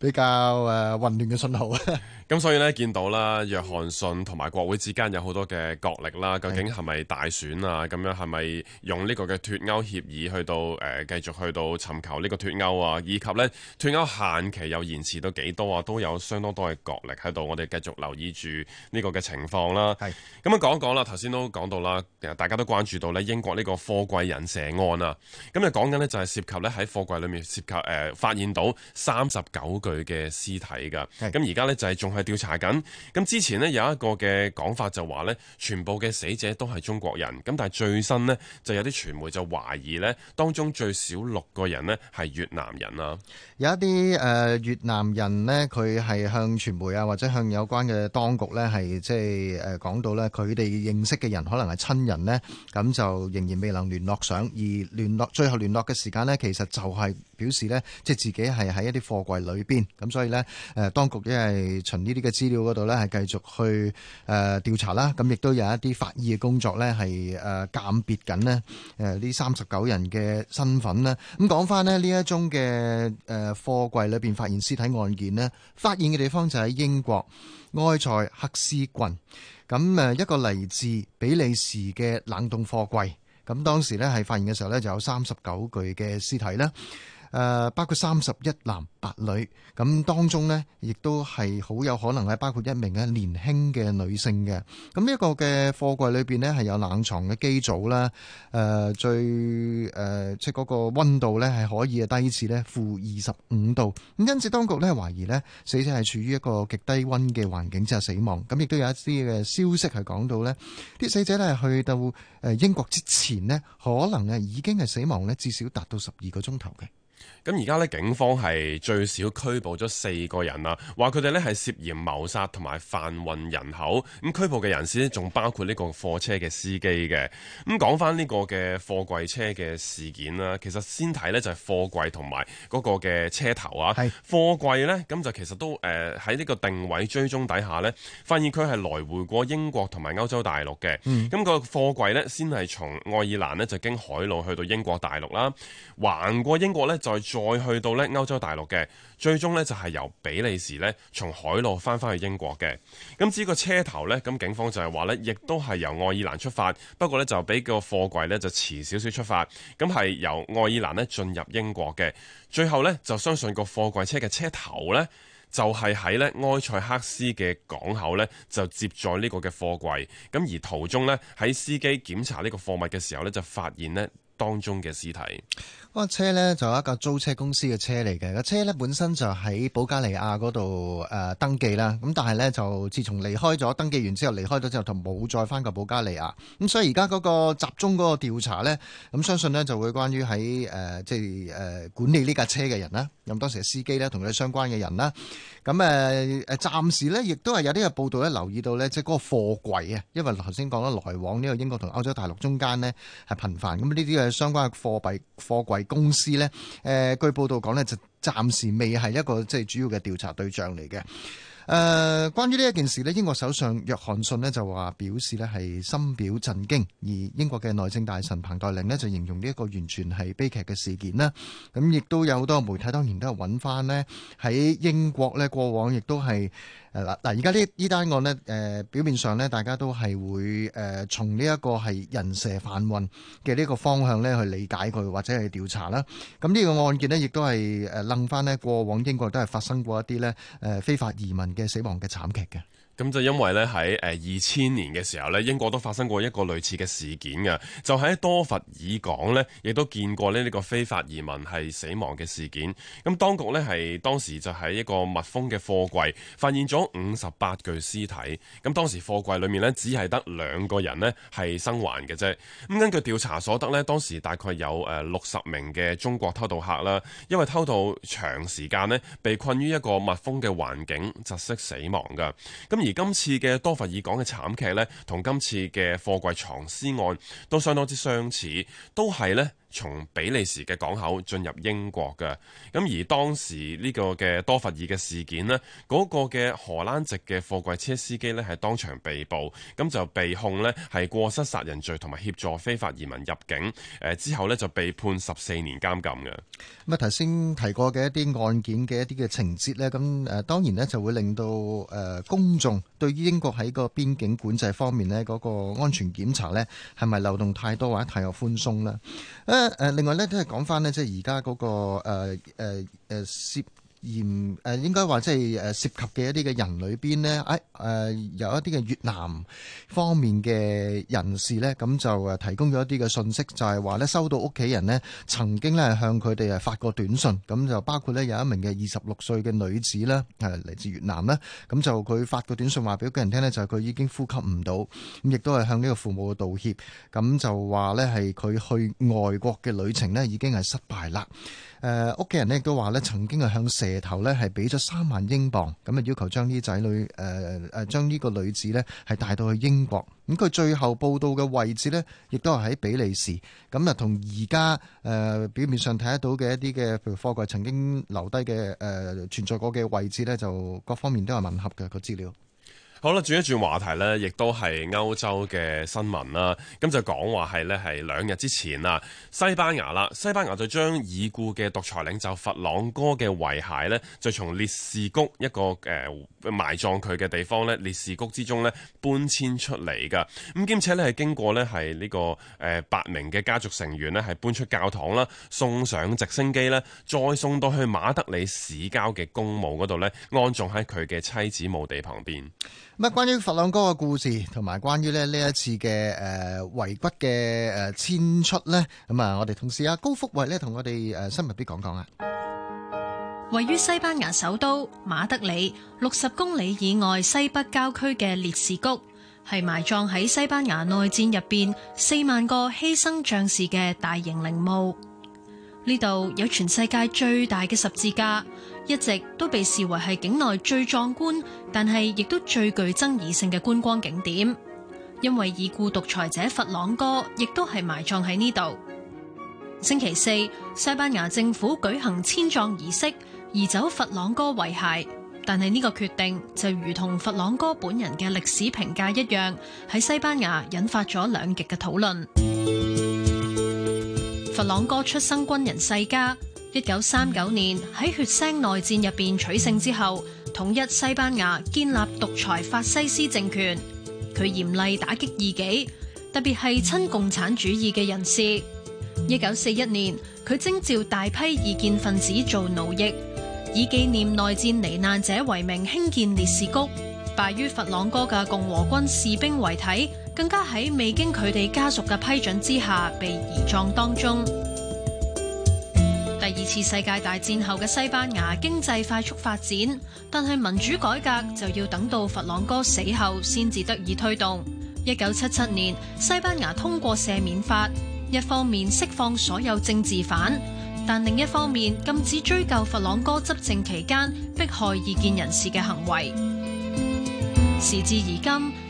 比較誒、呃、混亂嘅信號啊！咁所以呢，見到啦，約翰遜同埋國會之間有好多嘅角力啦。究竟係咪大選啊？咁是的 樣係咪用呢個嘅脫歐協議去到誒繼、呃、續去到尋求呢個脫歐啊？以及呢脫歐限期又延遲到幾多啊？都有相當多嘅角力喺度。我哋繼續留意住呢個嘅情況啦。係咁是的 樣講一講啦。頭先都講到啦，大家都關注到呢英國呢個貨櫃引蛇案啊。咁啊講緊呢，就係涉及呢喺貨櫃裏面涉及誒、呃、發現到三十九個。佢嘅屍體噶，咁而家咧就係仲係調查緊。咁之前咧有一個嘅講法就話咧，全部嘅死者都係中國人。咁但係最新咧就有啲傳媒就懷疑咧，當中最少六個人咧係越南人啊。有一啲誒、呃、越南人咧，佢係向傳媒啊或者向有關嘅當局咧係即係誒講到咧，佢哋認識嘅人可能係親人咧，咁就仍然未能聯絡上。而聯絡最後聯絡嘅時間咧，其實就係表示咧，即、就、係、是、自己係喺一啲貨櫃裏邊。咁所以咧，誒，當局亦係循呢啲嘅資料嗰度咧，係繼續去誒調查啦。咁亦都有一啲法醫嘅工作咧，係誒鑑別緊咧誒呢三十九人嘅身份咧。咁講翻咧，呢一宗嘅誒貨櫃裏邊發現屍體案件咧，發現嘅地方就喺英國埃塞克斯郡。咁誒一個嚟自比利時嘅冷凍貨櫃。咁當時咧係發現嘅時候咧，就有三十九具嘅屍體咧。誒，包括三十一男八女。咁，當中呢，亦都係好有可能係包括一名嘅年輕嘅女性嘅。咁呢個嘅貨櫃裏面呢，係有冷藏嘅機組啦。誒、呃，最誒即係嗰個溫度呢，係可以低至呢負二十五度。咁因此，當局呢，懷疑呢死者係處於一個極低溫嘅環境之下死亡。咁亦都有一啲嘅消息係講到呢啲死者呢，去到誒英國之前呢，可能咧已經係死亡呢，至少達到十二個鐘頭嘅。咁而家咧，警方係最少拘捕咗四個人啦，話佢哋咧係涉嫌謀殺同埋販運人口。咁拘捕嘅人士咧，仲包括呢個貨車嘅司機嘅。咁講翻呢個嘅貨櫃車嘅事件啦，其實先睇，呢就係貨櫃同埋嗰個嘅車頭啊。係貨櫃咧，咁就其實都誒喺呢個定位追蹤底下呢，發現佢係來回過英國同埋歐洲大陸嘅。嗯，咁個貨櫃呢，先係從愛爾蘭呢就經海路去到英國大陸啦，橫過英國呢。再再去到咧歐洲大陸嘅，最終呢就係由比利時呢從海路翻返去英國嘅。咁至於個車頭呢，咁警方就係話呢，亦都係由愛爾蘭出發，不過呢，就俾個貨櫃呢就遲少少出發，咁係由愛爾蘭呢進入英國嘅。最後呢，就相信個貨櫃車嘅車頭呢，就係喺呢埃塞克斯嘅港口呢就接載呢個嘅貨櫃。咁而途中呢，喺司機檢查呢個貨物嘅時候呢，就發現呢當中嘅屍體。車呢就一個車咧就係一架租車公司嘅車嚟嘅，個車咧本身就喺保加利亞嗰度誒登記啦。咁但係咧就自從離開咗登記完之後，離開咗之後就冇再翻過保加利亞。咁所以而家嗰個集中嗰個調查咧，咁、嗯、相信咧就會關於喺誒、呃、即係誒、呃、管理呢架車嘅人啦，咁當時嘅司機咧同佢相關嘅人啦。咁誒誒暫時咧亦都係有啲嘅報道咧留意到咧，即係嗰個貨櫃啊，因為頭先講咗來往呢個英國同歐洲大陸中間呢，係頻繁。咁呢啲嘅相關嘅貨幣貨櫃公司呢，誒、呃、據報道講呢，就暫時未係一個即係主要嘅調查對象嚟嘅。誒、呃，關於呢一件事呢，英國首相約翰遜呢就話表示呢係深表震驚，而英國嘅內政大臣彭黛玲呢，就形容呢一個完全係悲劇嘅事件啦。咁亦都有好多媒體當然都係揾翻呢，喺英國呢，過往亦都係。誒啦，嗱而家呢呢單案咧，誒、呃、表面上咧，大家都係會誒、呃、從呢一個係人蛇販運嘅呢個方向咧去理解佢，或者去調查啦。咁呢個案件呢，亦都係誒掹返呢過往英國都係發生過一啲咧誒非法移民嘅死亡嘅慘劇嘅。咁就因為呢，喺誒二千年嘅時候呢，英國都發生過一個類似嘅事件嘅，就喺多佛爾港呢亦都見過呢個非法移民係死亡嘅事件。咁當局呢，係當時就喺一個密封嘅貨櫃發現咗五十八具屍體。咁當時貨櫃裏面呢，只係得兩個人呢係生還嘅啫。咁根據調查所得呢，當時大概有誒六十名嘅中國偷渡客啦，因為偷渡長時間呢，被困於一個密封嘅環境窒息死亡㗎。咁而今次嘅多佛爾港嘅慘劇呢，同今次嘅貨櫃藏屍案都相當之相似，都係呢。從比利時嘅港口進入英國嘅，咁而當時呢個嘅多佛爾嘅事件呢嗰、嗰個嘅荷蘭籍嘅貨櫃車司機呢係當場被捕，咁就被控呢係過失殺人罪同埋協助非法移民入境，誒之後呢，就被判十四年監禁嘅。咁啊頭先提過嘅一啲案件嘅一啲嘅情節呢，咁誒當然呢就會令到誒公眾對於英國喺個邊境管制方面呢嗰個安全檢查呢係咪漏洞太多或者太過寬鬆呢？誒，另外咧都係講翻咧，即係而家嗰個誒誒誒涉而誒應該話即係誒涉及嘅一啲嘅人裏邊咧，誒誒有一啲嘅越南方面嘅人士咧，咁就誒提供咗一啲嘅信息，就係話咧收到屋企人咧曾經咧向佢哋誒發過短信，咁就包括咧有一名嘅二十六歲嘅女子啦，係嚟自越南啦，咁就佢發個短信話俾屋企人聽咧，就係佢已經呼吸唔到，咁亦都係向呢個父母道歉，咁就話咧係佢去外國嘅旅程咧已經係失敗啦。誒屋企人咧亦都話咧，曾經向蛇頭咧係俾咗三萬英鎊，咁啊要求將呢仔女誒將呢個女子咧係帶到去英國。咁佢最後報道嘅位置咧，亦都係喺比利時。咁啊同而家誒表面上睇得到嘅一啲嘅，譬如貨櫃曾經留低嘅誒存在過嘅位置咧，就各方面都係吻合嘅個資料。好啦，轉一轉話題呢，亦都係歐洲嘅新聞啦。咁就講話係呢係兩日之前啊，西班牙啦，西班牙就將已故嘅獨裁領袖佛朗哥嘅遺骸呢，就從烈士谷一個誒、呃、埋葬佢嘅地方呢，烈士谷之中呢，搬遷出嚟噶。咁兼且呢，係經過呢，係呢、呢個誒、呃、八名嘅家族成員呢，係搬出教堂啦，送上直升機呢，再送到去馬德里市郊嘅公墓嗰度呢，安葬喺佢嘅妻子墓地旁邊。咁啊，關於佛朗哥嘅故事，同埋關於咧呢一次嘅誒遺骨嘅誒遷出呢，咁啊，我哋同事阿高福慧呢，同我哋誒新聞啲講講啊。位於西班牙首都馬德里六十公里以外西北郊區嘅烈士谷，係埋葬喺西班牙內戰入邊四萬個犧牲將士嘅大型陵墓。呢度有全世界最大嘅十字架。一直都被視為係境內最壯觀，但係亦都最具爭議性嘅觀光景點，因為已故獨裁者佛朗哥亦都係埋葬喺呢度。星期四，西班牙政府舉行遷葬儀式，移走佛朗哥遺骸，但係呢個決定就如同佛朗哥本人嘅歷史評價一樣，喺西班牙引發咗兩極嘅討論。佛朗哥出生軍人世家。一九三九年喺血腥內戰入面取勝之後，統一西班牙，建立獨裁法西斯政權。佢嚴厲打擊異己，特別係親共產主義嘅人士。一九四一年，佢徵召大批異見分子做奴役，以紀念內戰罹難者為名興建烈士谷，敗於佛朗哥嘅共和軍士兵遺體，更加喺未經佢哋家屬嘅批准之下被移葬當中。第二次世界大戰後嘅西班牙經濟快速發展，但係民主改革就要等到佛朗哥死後先至得以推動。一九七七年，西班牙通過赦免法，一方面釋放所有政治犯，但另一方面禁止追究佛朗哥執政期間迫害異見人士嘅行為。時至而今，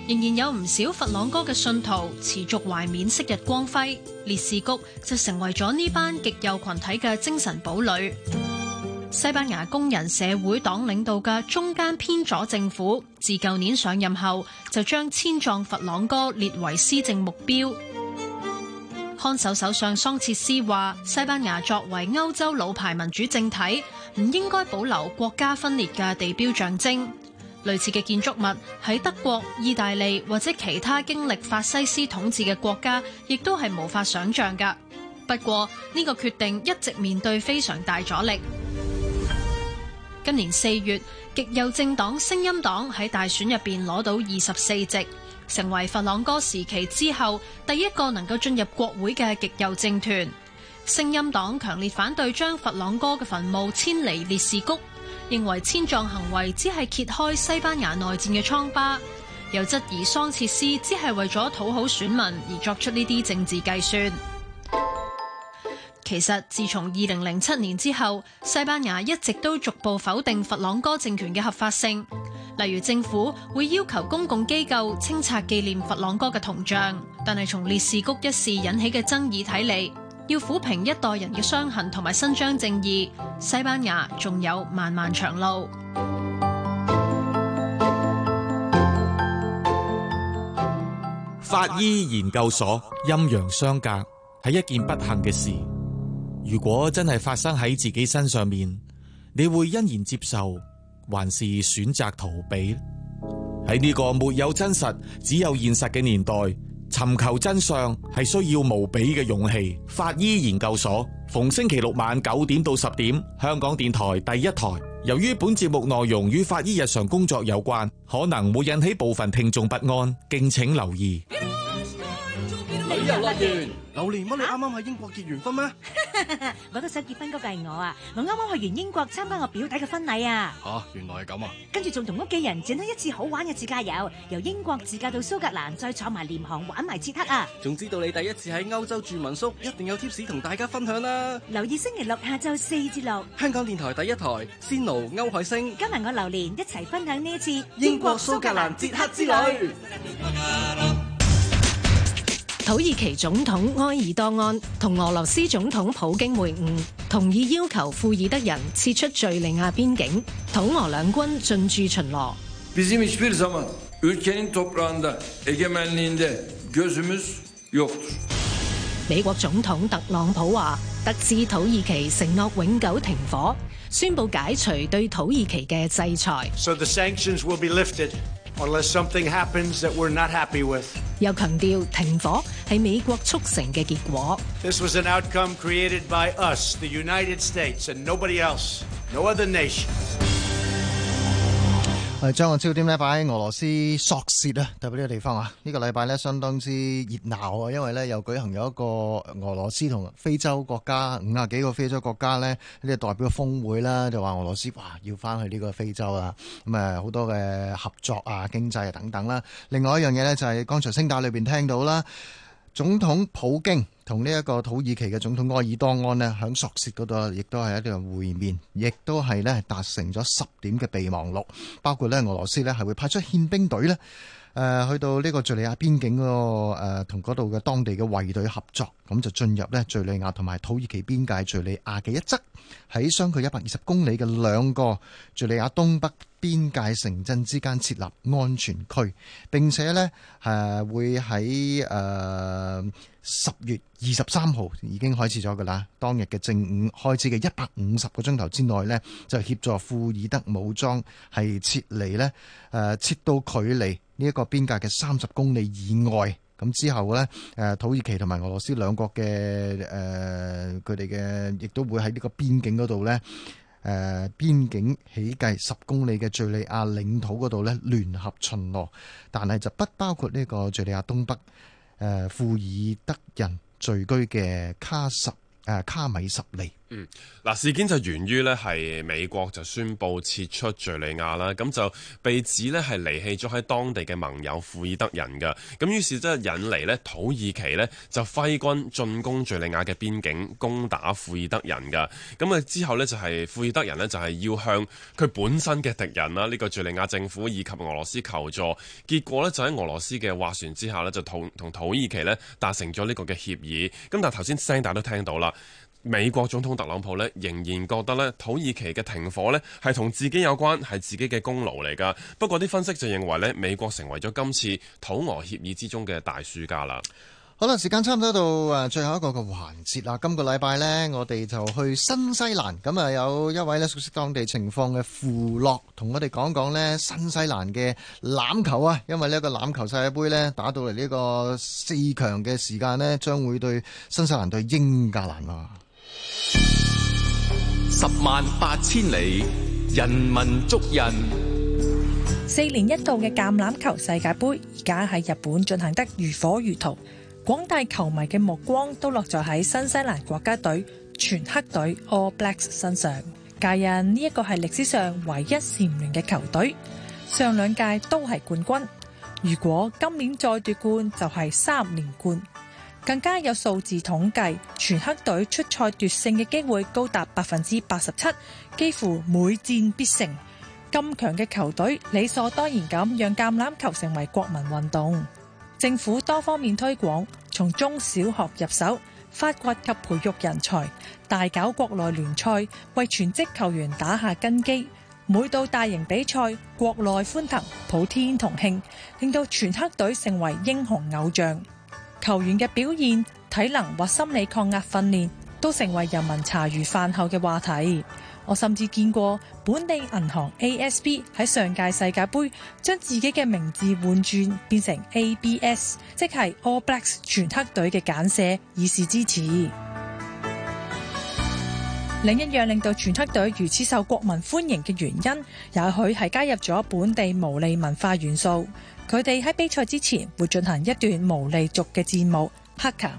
仍然有唔少佛朗哥嘅信徒持續懷緬昔日光輝，烈士谷就成為咗呢班極右群體嘅精神堡壘。西班牙工人社會黨領導嘅中間偏左政府，自舊年上任後，就將遷葬佛朗哥列為施政目標。看守首相桑切斯話：西班牙作為歐洲老牌民主政體，唔應該保留國家分裂嘅地標象徵。類似嘅建築物喺德國、意大利或者其他經歷法西斯統治嘅國家，亦都係無法想象噶。不過呢個決定一直面對非常大阻力。今年四月，極右政黨聲音黨喺大選入邊攞到二十四席，成為佛朗哥時期之後第一個能夠進入國會嘅極右政團。聲音黨強烈反對將佛朗哥嘅墳墓遷離烈士谷。認為遷葬行為只係揭開西班牙內戰嘅瘡疤，又質疑桑切斯只係為咗討好選民而作出呢啲政治計算。其實自從二零零七年之後，西班牙一直都逐步否定佛朗哥政權嘅合法性，例如政府會要求公共機構清拆紀念佛朗哥嘅銅像，但係從烈士谷一事引起嘅爭議睇嚟，要撫平一代人嘅傷痕同埋伸張正義，西班牙仲有漫漫長路。法醫研究所。陰陽相隔係一件不幸嘅事，如果真係發生喺自己身上面，你會欣然接受，還是選擇逃避？喺呢個沒有真實，只有現實嘅年代，尋求真相係需要無比嘅勇氣。法醫研究所逢星期六晚九點到十點，香港電台第一台。由於本節目內容與法醫日常工作有關，可能會引起部分聽眾不安，敬請留意。榴蓮乜你啱啱喺英國結完婚咩？我都想結婚，嗰個係我啊，我啱啱去完英國參加我表弟嘅婚禮啊。吓，原來係咁啊！跟住仲同屋企人展開一次好玩嘅自駕遊，由英國自駕到蘇格蘭，再坐埋廉航玩埋捷克啊！仲知道你第一次喺歐洲住民宿，一定有貼士同大家分享啦。留意星期六下晝四至六，香港電台第一台仙奴歐海星。今日我榴蓮一齊分享呢一次英國蘇格蘭捷克之旅。土耳其總統埃爾多安同俄羅斯總統普京會晤，同意要求庫爾德人撤出敘利亞邊境，土俄兩軍進駐巡邏。我們在國家領土上沒有主權。美國總統特朗普話，得知土耳其承諾永久停火，宣布解除對土耳其嘅制裁。So the sanctions will be lifted, unless something happens that we're not happy with. 又強調停火。喺美國促成嘅結果。This was an outcome created by us, the United States, and nobody else, no other nation。係將個焦點咧擺喺俄羅斯索契啊，代表呢個地方啊。呢、呢個禮拜呢相當之熱鬧啊，因為呢又舉行有一個俄羅斯同非洲國家，五十幾個非洲國家呢代表嘅峰會啦，就話俄羅斯哇要翻去呢個非洲啊，咁好多嘅合作啊、經濟啊等等啦。另外一樣嘢呢，就係剛才聲帶裏面聽到啦。總統普京同呢一個土耳其嘅總統埃爾多安呢，喺索契嗰度亦都係一度會面，亦都係呢達成咗十點嘅備忘錄，包括呢俄羅斯呢係會派出憲兵隊呢。誒去到呢個敍利亞邊境嗰個誒，同嗰度嘅當地嘅衛隊合作，噉就進入咧敍利亞同埋土耳其邊界敍利亞嘅一側，喺相距一百二十公里嘅兩個敍利亞東北邊界城鎮之間設立安全區，並且咧誒會喺誒。十月二十三號已經開始咗噶啦，當日嘅正午開始嘅一百五十個鐘頭之內呢，就協助庫爾德武裝係撤離呢，誒、呃，撤到距離呢一個邊界嘅三十公里以外。咁之後呢，誒，土耳其同埋俄羅斯兩國嘅誒，佢哋嘅亦都會喺呢個邊境嗰度呢，誒，邊境起計十公里嘅敘利亞領土嗰度呢，聯合巡邏，但係就不包括呢個敘利亞東北。誒、庫爾德人聚居嘅卡什誒卡米什利。嗯，嗱，事件就源於呢係美國就宣布撤出敘利亞啦，咁就被指呢係離棄咗喺當地嘅盟友庫爾德人噶，咁於是即係引嚟呢土耳其，呢就揮軍進攻敘利亞嘅邊境，攻打庫爾德人噶，咁啊之後呢就係庫爾德人呢就係要向佢本身嘅敵人啦，呢、呢個敘利亞政府以及俄羅斯求助，結果呢就喺俄羅斯嘅斡旋之下呢就同同土耳其呢達成咗呢個嘅協議，咁但係頭先聲帶都聽到啦。美國總統特朗普咧仍然覺得咧土耳其嘅停火咧係同自己有關，係自己嘅功勞嚟㗎。不過啲分析就認為咧，美國成為咗今次土俄協議之中嘅大輸家啦。好啦，時間差唔多到啊，最後一個嘅環節啦。今個禮拜呢，我哋就去新西蘭咁啊，有一位咧熟悉當地情況嘅傅樂同我哋講講咧新西蘭嘅欖球啊，因為呢一個欖球世界杯咧打到嚟呢個四強嘅時間呢，將會對新西蘭對英格蘭啊。十萬八千里，人民足印。四年一度嘅橄欖球世界杯而家喺日本進行得如火如荼，廣大球迷嘅目光都落在喺新西蘭國家隊全黑隊 All Blacks 身上。皆因呢一個係歷史上唯一蟬聯嘅球隊，上兩屆都係冠軍。如果今年再奪冠，就係、是、三連冠。更加有數字統計，全黑隊出賽奪勝嘅機會高達百分之八十七，幾乎每戰必勝。咁強嘅球隊理所當然咁，讓橄欖球成為國民運動。政府多方面推廣，從中小學入手，發掘及培育人才，大搞國內聯賽，為全職球員打下根基。每到大型比賽，國內歡騰，普天同慶，令到全黑隊成為英雄偶像。球員嘅表現、體能或心理抗壓訓練，都成為人民茶餘飯後嘅話題。我甚至見過本地銀行 ASB 喺上屆世界杯將自己嘅名字換轉，變成 ABS，即係 All Blacks 全黑隊嘅簡寫，以示支持。另一樣令到全黑隊如此受國民歡迎嘅原因，也許係加入咗本地毛利文化元素。佢哋喺比賽之前會進行一段毛利族嘅戰舞黑卡，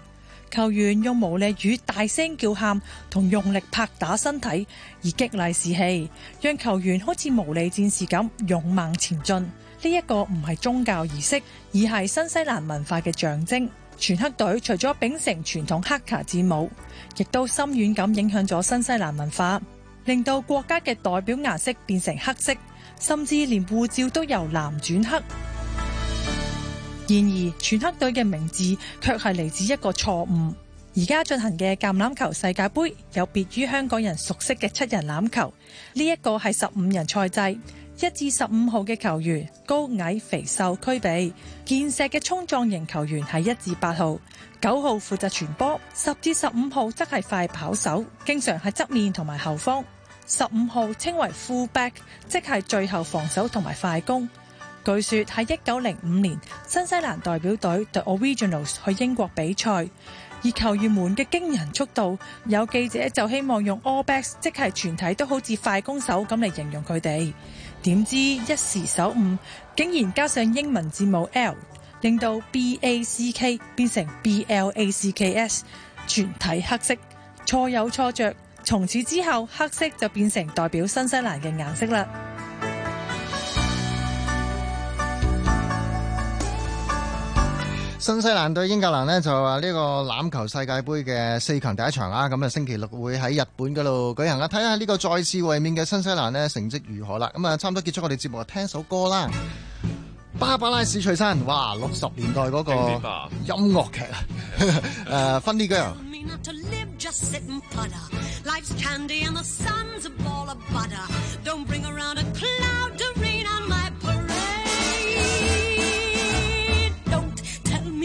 球員用毛利語大聲叫喊，同用力拍打身體，而激勵士氣，讓球員好似毛利戰士咁勇猛前進。呢、這、一個唔係宗教儀式，而係新西蘭文化嘅象徵。全黑隊除咗秉承傳統黑卡戰舞，亦都深遠咁影響咗新西蘭文化，令到國家嘅代表顏色變成黑色，甚至連護照都由藍轉黑。然而，全黑隊嘅名字卻係嚟自一個錯誤，而家進行嘅橄欖球世界杯有別於香港人熟悉嘅七人籃球，呢一個係十五人賽制，一至十五號嘅球員高矮肥瘦區比，健碩嘅衝撞型球員係一至八號，九號負責傳波，十至十五號則係快跑手，經常係側面同埋後方。十五號稱為 fullback，即係最後防守同埋快攻。據說喺一九零五年，新西蘭代表隊 The Originals 去英國比賽，以球員們嘅驚人速度，有記者就希望用 All Backs，即係全體都好似快攻手咁嚟形容佢哋。點知一時手誤，竟然加上英文字母 L，令到 B A C K 變成 B L A C K S，全體黑色。錯有錯著，從此之後，黑色就變成代表新西蘭嘅顏色啦。新西蘭對英格蘭呢，就話呢個欖球世界杯嘅四強第一場啦，咁啊星期六會喺日本嗰度舉行啦。睇下呢個再次衛冕嘅新西蘭呢，成績如何啦。咁啊差唔多結束我哋節目，聽首歌啦。巴巴拉史翠山，哇六十年代嗰個音樂劇啊，誒，Funny Girl。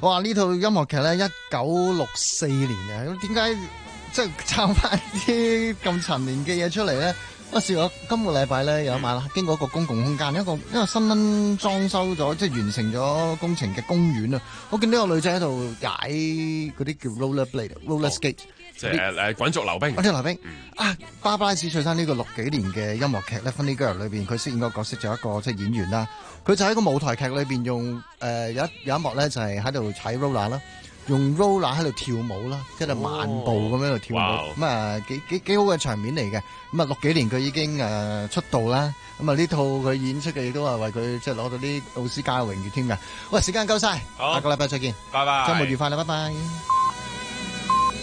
哇！呢套音樂劇咧，一九六四年嘅，咁點解即係炒翻啲咁陳年嘅嘢出嚟咧？我試過今個禮拜咧有一晚啦，經過一個公共空間，一個因為新裝修咗，即係完成咗工程嘅公園啊！我見到個女仔喺度踩嗰啲叫 roller blade，roller skate，哦。誒誒，滾軸溜冰，滾軸溜冰啊！巴巴拉史翠生呢個六幾年嘅音樂劇咧，Funny Girl 裏邊，佢飾演個角色就一個即係演員啦。佢就喺個舞台劇裏邊用誒有一有一幕咧，就係喺度踩 roller 啦，用 roller 喺度跳舞啦，即係慢步咁喺度跳舞，咁啊幾幾幾好嘅場面嚟嘅。咁啊六幾年佢已經誒出道啦。咁啊呢套佢演出嘅亦都係為佢即係攞到啲奧斯卡嘅榮譽添㗎。喂，時間夠晒，下個禮拜再見，拜拜，周末愉快啦，拜拜。